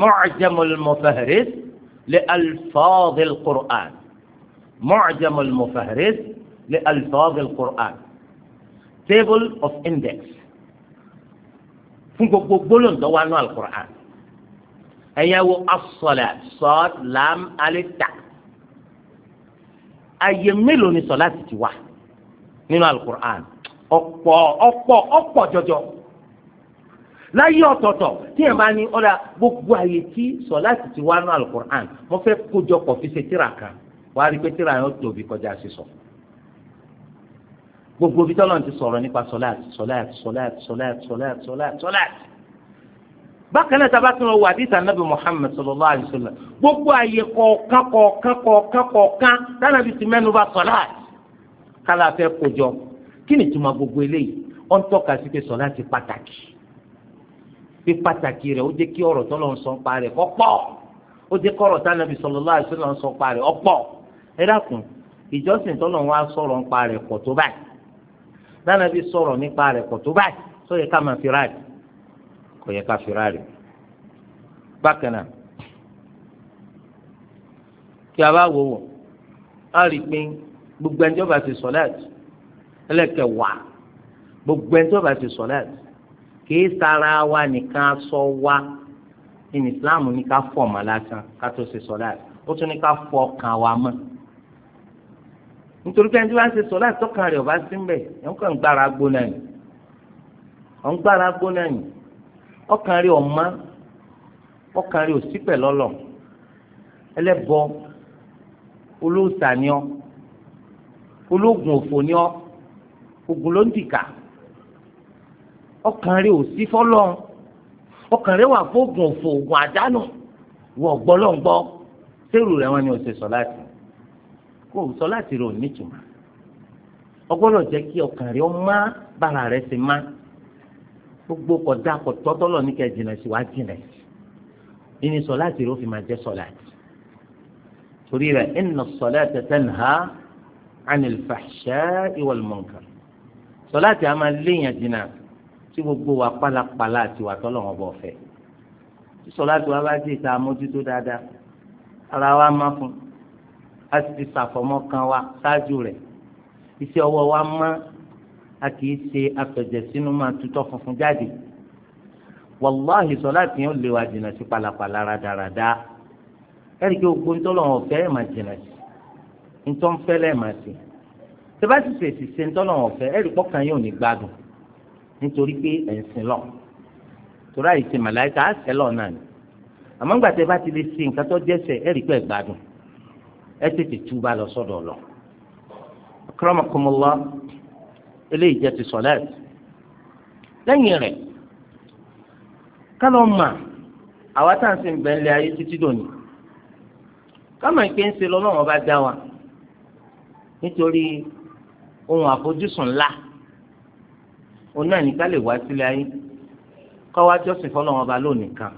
mu'jamul mufahris li معجم المفهرس لألفاظ القرآن table of index fún gbogbo gbólóńtọ́ wa nù alukur'an ẹ̀yẹ́ wo asọ̀lẹ̀ sọ́ọ̀d lam alita ayé mélòó ni sọ̀lá ti ti wà nínú alukur'an ọ̀pọ̀ ọ̀pọ̀ ọ̀pọ̀ jọjọ láyé ọ̀tọ̀ọ̀tọ̀ tí yẹn bá ní ọ̀dà gbogbo ayé tí sọ̀lá ti ti wà nù alukur'an mo fẹ́ kójọ kọfí ṣe tíra kan wàá rí pé tíra yẹn ó tóbi kọjá sísọ gbogbo bí tọ́lọ̀ ti sọ̀rọ̀ nípa sọláàt sọláàt sọláàt sọláàt sọláàt sọláàt sọláàt bákan náà tábà tí wọn wà àdìsá nàbì Muhammad sallallahu alaihi wasallam gbogbo àyè kọ̀ọ̀kan kọ̀ọ̀kan kọ̀ọ̀kan kọ̀ọ̀kan dáná bí ti mẹ́nu bá sọláàt kálá fẹ́ kojọ kí ni ìtumọ̀ gbogbo eléyìí ó ń tọ́ka sí pé sọláàt pàtàkì pé pàtàkì rẹ̀ ó jẹ́ kí ọ̀rọ̀ tọ́lọ̀ ń sọ ń parẹ́ ọ̀pọ̀ ó jẹ́ kọ́rọ̀ tánàbì sallallahu alaihi wasallam ń sọ ń parẹ́ ọ̀pọ̀ ẹ dákun ìjọsìn tọ́lọ̀ wa sọ̀rọ̀ nípa rẹ̀ pọ̀ tó báyìí dáná bí sọ̀rọ̀ nípa rẹ̀ pọ̀ tó báyìí sọ yẹ ká máa fira rẹ̀ kò yẹ ká fira rẹ̀ bákan náà kí a bá wò wò á rí i pé gbogbo ẹni tó bá ti sọ̀láàtì ẹlẹ́kẹ̀ gbogbo ẹni tó bá ti sọ̀láàtì kì í sara wa nìkan sọ wa ní Islam ní ká fọ̀ mọ́ lásán ká tó ṣe sọ̀láàtì ó tún ní ká fọ̀ ọkàn wa mọ́ nítorí pé ẹni tí wọ́n á ṣe sọ láti tọ́ka rẹ̀ ọba sí mbẹ̀ ẹ̀ ń kàn gbára gbóná yìí ọ̀ ń gbára gbóná yìí ọkàn rẹ̀ ọ̀ma ọkàn rẹ̀ òsípẹ̀ lọ́lọ́ ẹlẹ́bọ olóòsà ni ọ́ olóògùn òfò ni ọ́ ògùn ló ń dìkà ọkàn rẹ̀ òsí fọ́lọ́ ọkàn rẹ̀ wà fóògùn òfò ògùn àdánù wọ̀ gbọ́lọ́ngbọ́ sẹ́rù rẹ̀ wọ́n ni ò ṣe sọ láti kó o sọ láti rò nítumọ̀ ọgbọ́dọ̀ jẹ́ kí ọkàn rẹ má bàrà rẹ sí má gbogbo kọjá kọtọ́tọ́lọ̀ ní kẹ́ jìnà sí wá jìnà sí ìní sọ láti rò fi máa jẹ́ sọ láti torí rẹ inna as-salata tanha 'anil fahsha'i wal munkar sọ láti a máa léèyàn jìnà tí gbogbo wa pálapàla àti wà tọ́lọ̀ wọn bọ̀ fẹ́ sọ láti wá bá dé ìta mójútó dáadáa ara wa má fún un a sì ti ṣàfọ̀mọ́ kan wa ṣáájú rẹ̀ iṣẹ́ ọwọ́ wa mọ́ a kì í ṣe afẹ̀jẹ̀ sínú máa tutọ́ funfun jáde wàláhì sọlá tí yẹn lè wa jìnnà sí palapàla rádaràda ẹ̀rí kí gbogbo ńtọ́ lọ́wọ́ fẹ́ ẹ̀ máa jìnnà sí ńtọ́ ń fẹ́ lẹ́ẹ̀ máa sí tẹ́bá sì fèsì ṣe ńtọ́ lọ́wọ́ fẹ́ ẹ̀rí pọ́kàn yóò ní gbádùn nítorí pé ẹ̀ ń sin lọ torí àìsè màláìka á sẹ́ lọ náà ni àmọ́ ńgbà tẹ́ bá ti lè ṣe nǹkan tó jẹ́sẹ̀ ẹ̀rí pẹ́ gbádùn ẹ tètè túbà lọ sọ́dọ̀ lọ. akramakumullah eléyìí jẹ́ ti sọ̀lẹ́ẹ̀tì lẹ́yìn rẹ̀ kálọ̀ mà àwa tá à ń sìn bẹ́ẹ̀ lé ayé títí dòní kámà ìpè ń ṣe lọ́nà ọba dá wa nítorí ohun àfojúsùn ńlá òun náà nìkan lè wá sílé ayé kọ́ wá jọ́sìn fọ́lọ́wọn ọba lónìí kan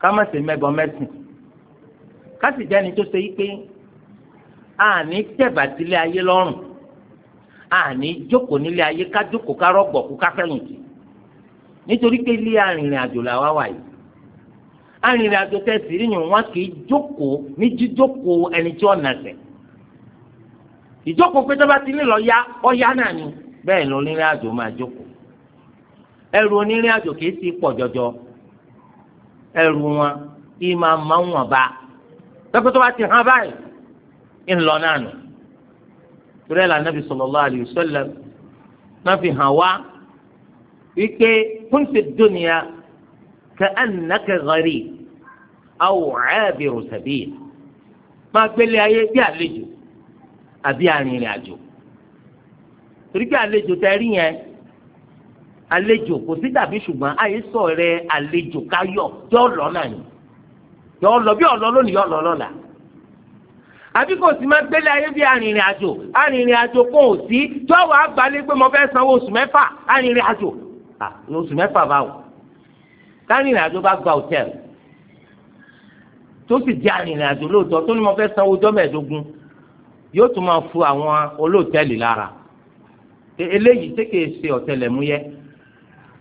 ká má ṣe mẹ́gbọ́n mẹ́sìn ka jẹ́ni tó ṣe yí pé àní tẹ̀bà sílé ayé lọ́rùn àní jókòó nílé ayé ká jókòó ká rọ̀gbọ̀kú ká nítorí pé ilé arìnrìn àjò làwa wà yìí arìnrìn àjò tẹ̀sí ríyìn wọn kì í jókòó ní jíjókòó ẹni tí ó ìjókòó bá ti nílò ya ọ̀ya náà ni bẹ́ẹ̀ lọ onírìn àjò máa jókòó ẹrù onírìn àjò kì í ti pọ̀ jọjọ ẹrù wọn ìmọ̀ àmọ́ pẹ́pẹ́ tó bá ti hàn báyìí ńlọ náà nù. torí ẹ̀ la nàbì sallallahu alayhi wa sallam náà fi hàn wá wípé kun fi dunya ka'annaka gharib aw 'abiru sabil máa gbélé ayé bí àlejò àbí arìnrìn àjò torí pé àlejò tẹ rí yẹn àlejò kò sí dàbí ṣùgbọ́n àyè sọ̀rẹ́ àlejò káyọ̀ jọ́ lọ́nà yìí yọ lọ bí ọlọ lónìí yọ lọ lọ́la àbí kò sí máa gbélé ayé bí arìnrìn àjò arìnrìn àjò kò sí tí wọn wàá gbalẹ pé mo fẹ́ sanwó oṣù mẹ́fà arìnrìn àjò ní oṣù mẹ́fà báwo tárìnrìn àjò bá gba hòtẹ́ẹ̀lì tó sì di arìnrìn àjò lóòótọ́ tó ní mo fẹ́ sanwó ọjọ́ mẹ́ẹ̀ẹ́dógún yóò tún máa fu àwọn olóòtẹ́ẹ̀lì lára e, eléyìí tí kìí ṣe ọ̀tẹlẹ̀múyẹ́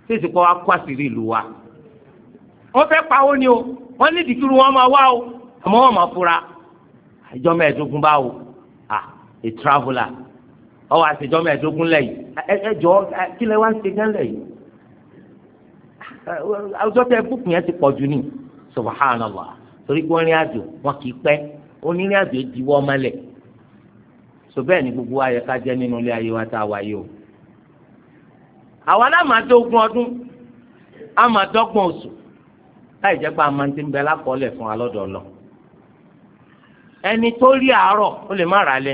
tí èsì kọ́ wa kó àṣírí ìlú wa wọ́n fẹ́ pawó ni o wọ́n ní ìdíkiri wọn máa wá o àmọ́ wọ́n máa fura àjọ mẹ́ẹ̀ẹ́dógún bá o à a traveller ọwọ́ àṣejọ mẹ́ẹ̀ẹ́dógún lẹ́yìn ẹ jọ kí lẹ wá ń ṣe gán lẹ́yìn àwùjọ tẹ bùkún yẹn ti pọ̀ jù ni subhanallah torí pé orin àjò wọn kì í pẹ́ onírìn àjò ìdíwọ́ ọmọlẹ̀ so bẹ́ẹ̀ ni gbogbo ayẹ ká jẹ́ nínú ilé ayé wa tá a wà yìí o àwa náà dé ogún ọdún a máa oṣù láì jẹ́ pé àmọ́ ti ń bẹ lákọọ́lẹ̀ fún wa lọ́dọ̀ lọ. ẹni tó rí àárọ̀ ó lè má rà lẹ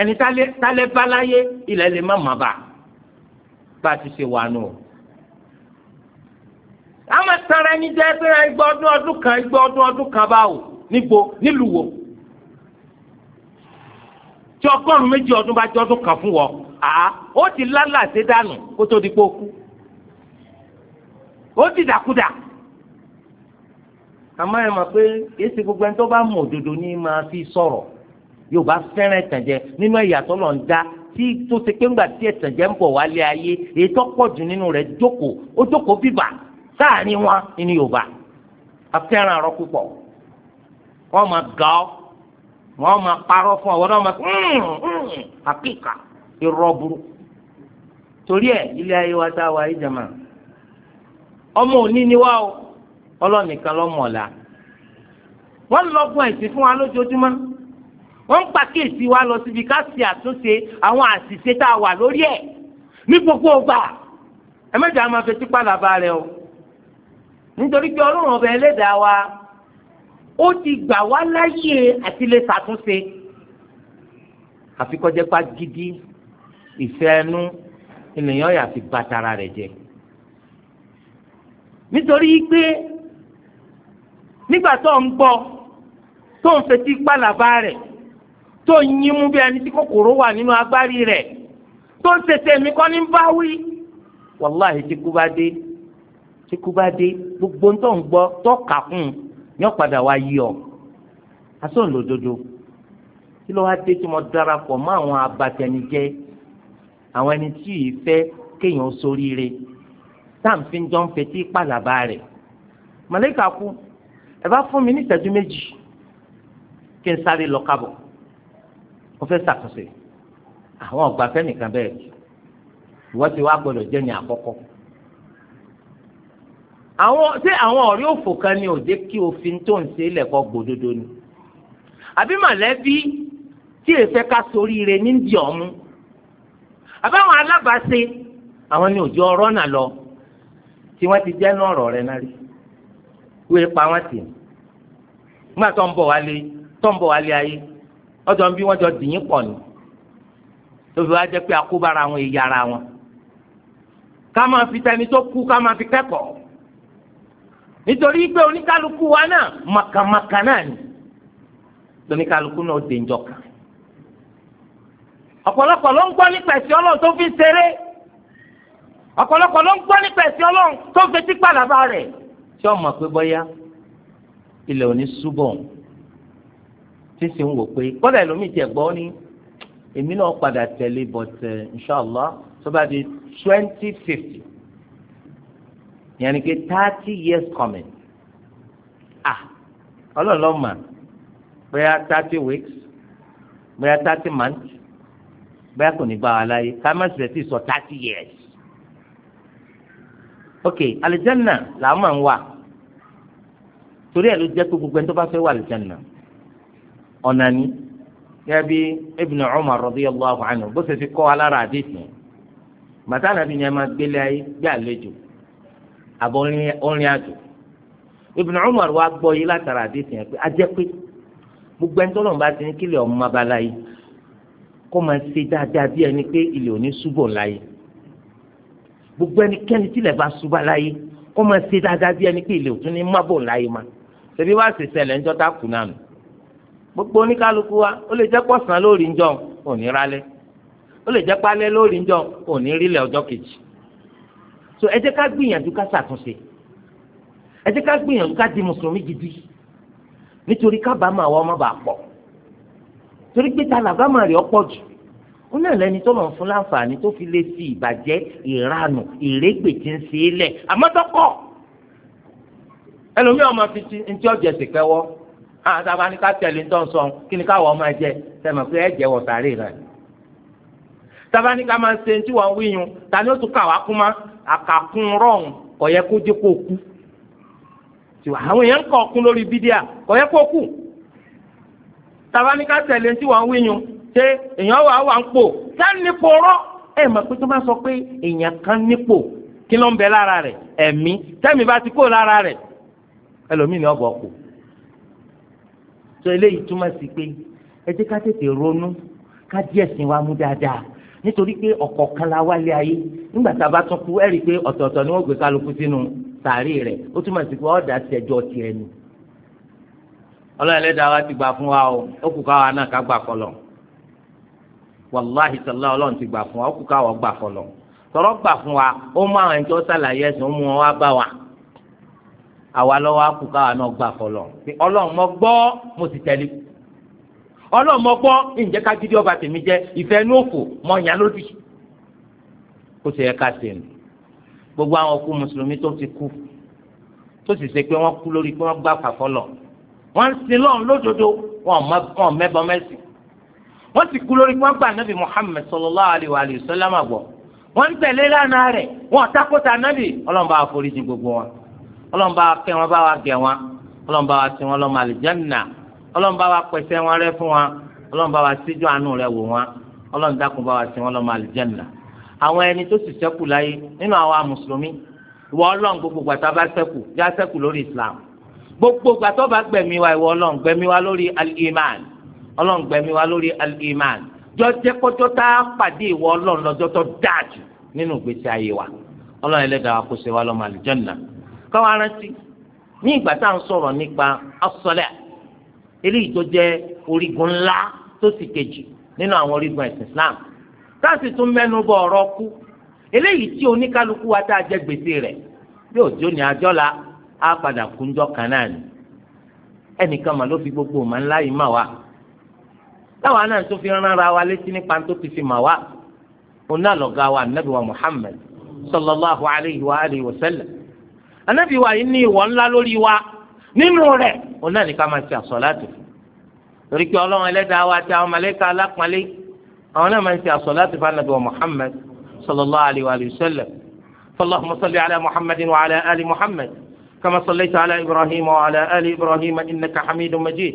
ẹni tálẹ́ bá láyé ilẹ̀ lè má má bà bá a ti ṣe wà nù. àmọ́ tara ẹni jẹ́ pé igbó ọdún ọdún kan igbó ọdún ọdún kan báwò níbo nílùú wo tí ọgọ́rùn-ún méjì ọdún bá jẹ́ ọdún kan fún wọn àá ó ti lálàá ṣe dànù kó tó di pé ó kú ó ti dàkúdà. àmọ́ ẹ mọ̀ pé èsì gbogbo ẹni tó bá mọ̀ òdodo ní máa fi sọ̀rọ̀ yorùbá fẹ́ràn ìtànjẹ nínú ẹ̀yà tó dá tí tó ṣe pé ńgbà tí ìtànjẹ ń bọ̀ wálé ayé èyí tó pọ̀ jù nínú rẹ̀ jókòó ó jókòó bíbà sáàrin wọn àrọ́ púpọ̀ wọ́n máa gà ọ́ wọ́n máa parọ́ fún wa a wà ayé ọlọ́nìkan lọ́mọ̀ọ́lá wọ́n lọ fún ẹ̀sìn fún wa lójoojúmọ́ wọ́n ń pàkíyèsí wa lọ síbi ká ṣe àtúnṣe àwọn àṣìṣe tá a wà lórí ẹ̀ ní gbogbo ọgbà ẹ mẹ́jọ a máa fetí pàlàbà rẹ o nítorí pé ọlọ́run ọba ẹlẹ́dàá wa ó ti gbà wá láyè àti lè ṣàtúnṣe àfikọ́jẹ́pá gidi ìfẹ́ ẹnu ènìyàn yà fi bàtàrà rẹ̀ jẹ nítorí pé nígbà tó ń gbọ́ tó ń fetí pàlàbà rẹ̀ tó ń yín mú bí ẹni tí kòkòrò wà nínú agbárí rẹ̀ tó ń tètè mí kọ́ ní bá wí. wàláhì tí kú bá dé tí kú bá dé gbogbo tó ń gbọ́ tó kà fún un yóò padà wá yí ọ. asọ́n lòdodo ló wá dé tí mo darapọ̀ mọ́ àwọn abatẹnijẹ́ àwọn ẹni tí yìí fẹ́ kéèyàn sóríire táà ń fi jọ ń fetí pàlàbà rẹ̀ màlẹ́kà kú ẹ bá fún mi ní ìṣẹ́jú méjì kí n sáré lọ kábọ̀ mo fẹ́ ṣàtúnṣe àwọn ọ̀gbà fẹ́nìkan bẹ́ẹ̀ ìwọ ti wá gbọdọ̀ jẹ́ ní àkọ́kọ́ àwọn ṣé àwọn ọ̀rí òfò kan ni ò jẹ́ kí òfin tó ń ṣe lẹ́kọ̀ọ́ gbòdodo ni àbí mọ̀lẹ́bí tí èfẹ́ ká sórí rẹ̀ ní ìdí ọ̀mú àbáwọn alábàáṣe àwọn ni òjò ọ̀rọ̀ náà lọ tí wọ́n ti jẹ́ náà ọ̀rọ̀ rẹ̀ náà rí wíwé pa wọn tì nígbà tó ń bọ̀ wálé tó ń bọ̀ wálé ayé ọjọ́ ń bí wọ́n jọ dìyín pọ̀ ni tóbi wá jẹ́ pé akóbára wọn èyí ara wọn ká máa fi tẹni tó kú ká máa fi kẹ́kọ̀ọ́ nítorí pé oníkálukú wa náà màkàmàkà náà ni oníkálukú náà dé njọ kan ọ̀pọ̀lọpọ̀ ló ń gbọ́ nípa ẹ̀sìn ọlọ́run tó fi ṣeré ọ̀pọ̀lọpọ̀ ló ń gbọ́ nípa ẹ̀sìn ọlọ́run tó fi etí pàlàbà rẹ̀ tí ó mọ̀ pé bọ́yá ilẹ̀ òní súbọ̀ tí sì ń wò pé kọ́dà ẹlòmíì tiẹ̀ gbọ́ ni èmi náà padà tẹ̀lé but eh, inshàlá tó bá di twenty fifty yẹn ni pé thirty years coming ah ọlọ́run ló mọ̀ bóyá thirty weeks bóyá thirty months bóyá kò ní bá wa láyé ká má sì rẹ̀ sí sọ thirty years ok alìjẹ́nà làá máa ń wà torí ẹ̀ ló jẹ́ pé gbogbo ẹni tó bá fẹ́ wà alìjẹ́nà ọ̀nà ni gẹ́gẹ́ bí Ibn Umar radiyallahu anhu bó ṣe fi kọ́ alára àdéhùn bàtà nàbí ni ẹ máa gbélé ayé gbé àlejò àbọ̀ orin àjò Ibn Umar wa gbọ́ yìí látara àdéhùn yẹn pé a jẹ́ pé gbogbo ẹni tó lọ́nà bá ti ní kílẹ̀ ọmọ abala yìí kó máa ṣe dáadáa bí ẹni pé ilé òní ṣubọ̀ láyé gbogbo ẹnikẹ́ni tí ilẹ̀ bá ṣubá láyé kó máa ṣe dáadáa bí ẹni pé ilé òtún ní mábò láyé ma ṣèbí wá sì ṣẹlẹ̀ ńjọ́ tá kù náà gbogbo oníkálukú wa ó lè jẹ́ pọ̀sán lórí ńjọ́ òní rálẹ̀ ó lè jẹ́ pálẹ̀ lórí ńjọ́ òní rílẹ̀ ọjọ́ kejì so ẹ jẹ́ ká gbìyànjú ká ṣàtúnṣe ẹ jẹ́ ká gbìyànjú ká di mùsùlùmí gidi nítorí kábàámà wa ọmọ bàá pọ̀ torí pé ta làbámà rẹ̀ ọ̀pọ̀ jù wọn náà lẹni tó lọ́n fún láǹfààní tó fi lè fi ìbàjẹ́ ìranù ìrégbè tí ń ṣe é lẹ̀ àmọ́tọ́kọ̀ ẹlòmíì ọmọ fi ti ntí ọ̀jẹ̀ sì kẹwọ́ àtàwọn aníkà tẹ̀lé ńtọ́ sọ kí ni káwọn ọmọ ẹ̀jẹ̀ tẹ̀mọ̀ pé ẹ̀jẹ̀ wọ̀ sàárè rẹ̀ tabaníkà máa ń ṣe ntí wọn wíyun tani ó tún kà wá kú má àkàkùn rọ̀hún kò yẹ kó dé kó kú àwọn èèyàn ń kọ̀ ọ̀kun lórí bídíà kò yẹ kó kú tabaníkà tẹ̀lé ntí wọn wíyun ṣé èèyàn wà wà ń pò sẹ́nipò rọ ẹ pé tó sọ pé èèyàn kan nípò kí ló ń bẹ lára rẹ ẹ̀mí tẹ́mi bá ti kó lára rẹ̀ ẹlòmíì ni ọ̀bọ̀ kù tó eléyìí túmọ̀ sí pé ẹ ká tètè ronú ká díẹ̀ sí wa mú dáadáa nítorí pé ọ̀kọ̀ọ̀kan la wálé ayé nígbà tá a bá tún kú ẹ rí i pé ọ̀tọ̀ọ̀tọ̀ ni wọ́n wàláhi sọlá ọlọ́run ti gbà fún wa ó kú káwọ́ gbà fọlọ́ tọrọ gbà fún wa ó mú àwọn ẹni tó sàlàyé ẹ̀sìn ó mú wọn wá bá wa àwa lọ́wọ́ á kú káwa náà gbà fọlọ́ ọlọ́run mo gbọ́ mo sì tẹ̀lé ọlọ́run mo gbọ́ ǹjẹ́ ká gidi ọba tèmi jẹ́ ìfẹ́ inú òfò mọ ìyá lódì kó sì yẹ ká ṣe nù gbogbo àwọn òkú mùsùlùmí tó ti kú tó sì ṣe pé wọ́n kú lórí pé wọ́n gbà fàfọlọ wọ́n ń sin lọ́run lódodo wọn ò mẹbọ wọ́n sì kú lórí wọn gba anabi muhammed sallallahu alayhi wa alayhi wa sallam àgbọ̀ wọ́n ń tẹ̀lé lánàá rẹ̀ wọ́n takota anabi ọlọ́run bá wa foríjì gbogbo wọn ọlọ́run bá wa kẹ́ wọn bá wa gẹ̀ wọn ọlọ́run bá wa sí wọn lọ́mọ àlìjánná ọlọ́run bá wa pèsè wọn rẹ́ fún wọn ọlọ́run bá wa síjú àánú rẹ̀ wò wọn ọlọ́run dákun bá wa sí wọn lọ́mọ àlìjánná àwọn ẹni tó sì ṣẹ́kù láyé nínú àwa mùsùlùmí ìwọ ọlọ́run gbogbo gbàtà bá ṣẹ́kù já ṣẹ́kù lórí islam gbogbo gbàtà bá gbẹ̀mí wa ìwọ ọlọ́run gbẹ̀mí wa lórí al-iman ọlọ́ngbẹ̀mí wa lórí al-iman jọjẹ́ kọjọ́ tá a pàdé ìwọ ọlọ́run lọ́jọ́ tó dáa jù nínú ìgbésí ayé wa ọlọ́run ẹlẹ́dàá wa kó ṣe wa lọ́mọ àlùjànnà káwa rántí ní ìgbà tá à ń sọ̀rọ̀ nípa as eléyìí tó jẹ́ orígun ńlá tó sì kejì nínú àwọn orígun ẹ̀sìn Islam káàsì tún mẹ́nu bọ ọ̀rọ̀ kú eléyìí tí oníkálukú wa tá a jẹ gbèsè rẹ̀ yóò jó ní àjọ́la á padà kúnjọ́ kan náà ni ẹnìkan mà ló fi gbogbo màá ńlá yìí mà wá táwa náà tó fi rán ara wa létí nípa tó ti fi mà wá òun náà lọ́gá wa anabi wa muhammed sallallahu alayhi wa alayhi wa sallam anabi wa yìí ní ìwọ ńlá lórí wa nínú rẹ̀ òun náà ní ká máa ṣe àsọ̀láàtì torí pé ọlọ́run ẹlẹ́dàá wa ti àwọn màláíkà alápọ̀nlé àwọn náà máa ń ṣe àsọ̀láàtì fún anabi wa muhammed sallallahu alayhi wa alayhi wa sallam فاللهم صل على محمد وعلى آل محمد كما صليت على إبراهيم وعلى آل إبراهيم إنك حميد مجيد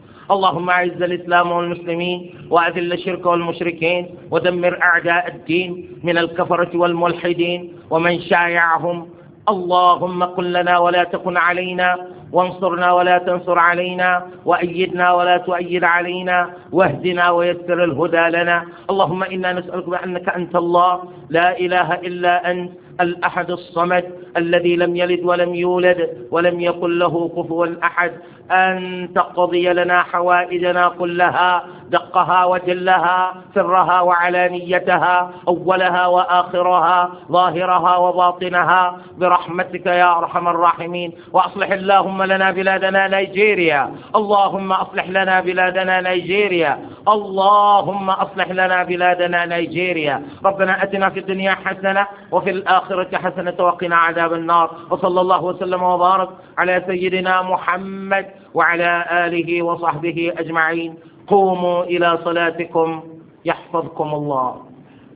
اللهم أعز الإسلام والمسلمين وأذل الشرك والمشركين ودمر أعداء الدين من الكفرة والملحدين ومن شايعهم اللهم قل لنا ولا تكن علينا وانصرنا ولا تنصر علينا وأيدنا ولا تؤيد علينا واهدنا ويسر الهدى لنا اللهم إنا نسألك بأنك أنت الله لا إله إلا أنت الأحد الصمد الذي لم يلد ولم يولد ولم يكن له كفوا أحد أن تقضي لنا حوائجنا كلها دقها وجلها سرها وعلانيتها أولها وآخرها ظاهرها وباطنها برحمتك يا أرحم الراحمين وأصلح اللهم لنا بلادنا نيجيريا اللهم أصلح لنا بلادنا نيجيريا اللهم أصلح لنا بلادنا نيجيريا ربنا أتنا في الدنيا حسنة وفي الآخرة حسنة وقنا عذاب عذاب النار وصلى الله وسلم وبارك على سيدنا محمد وعلى آله وصحبه أجمعين قوموا إلى صلاتكم يحفظكم الله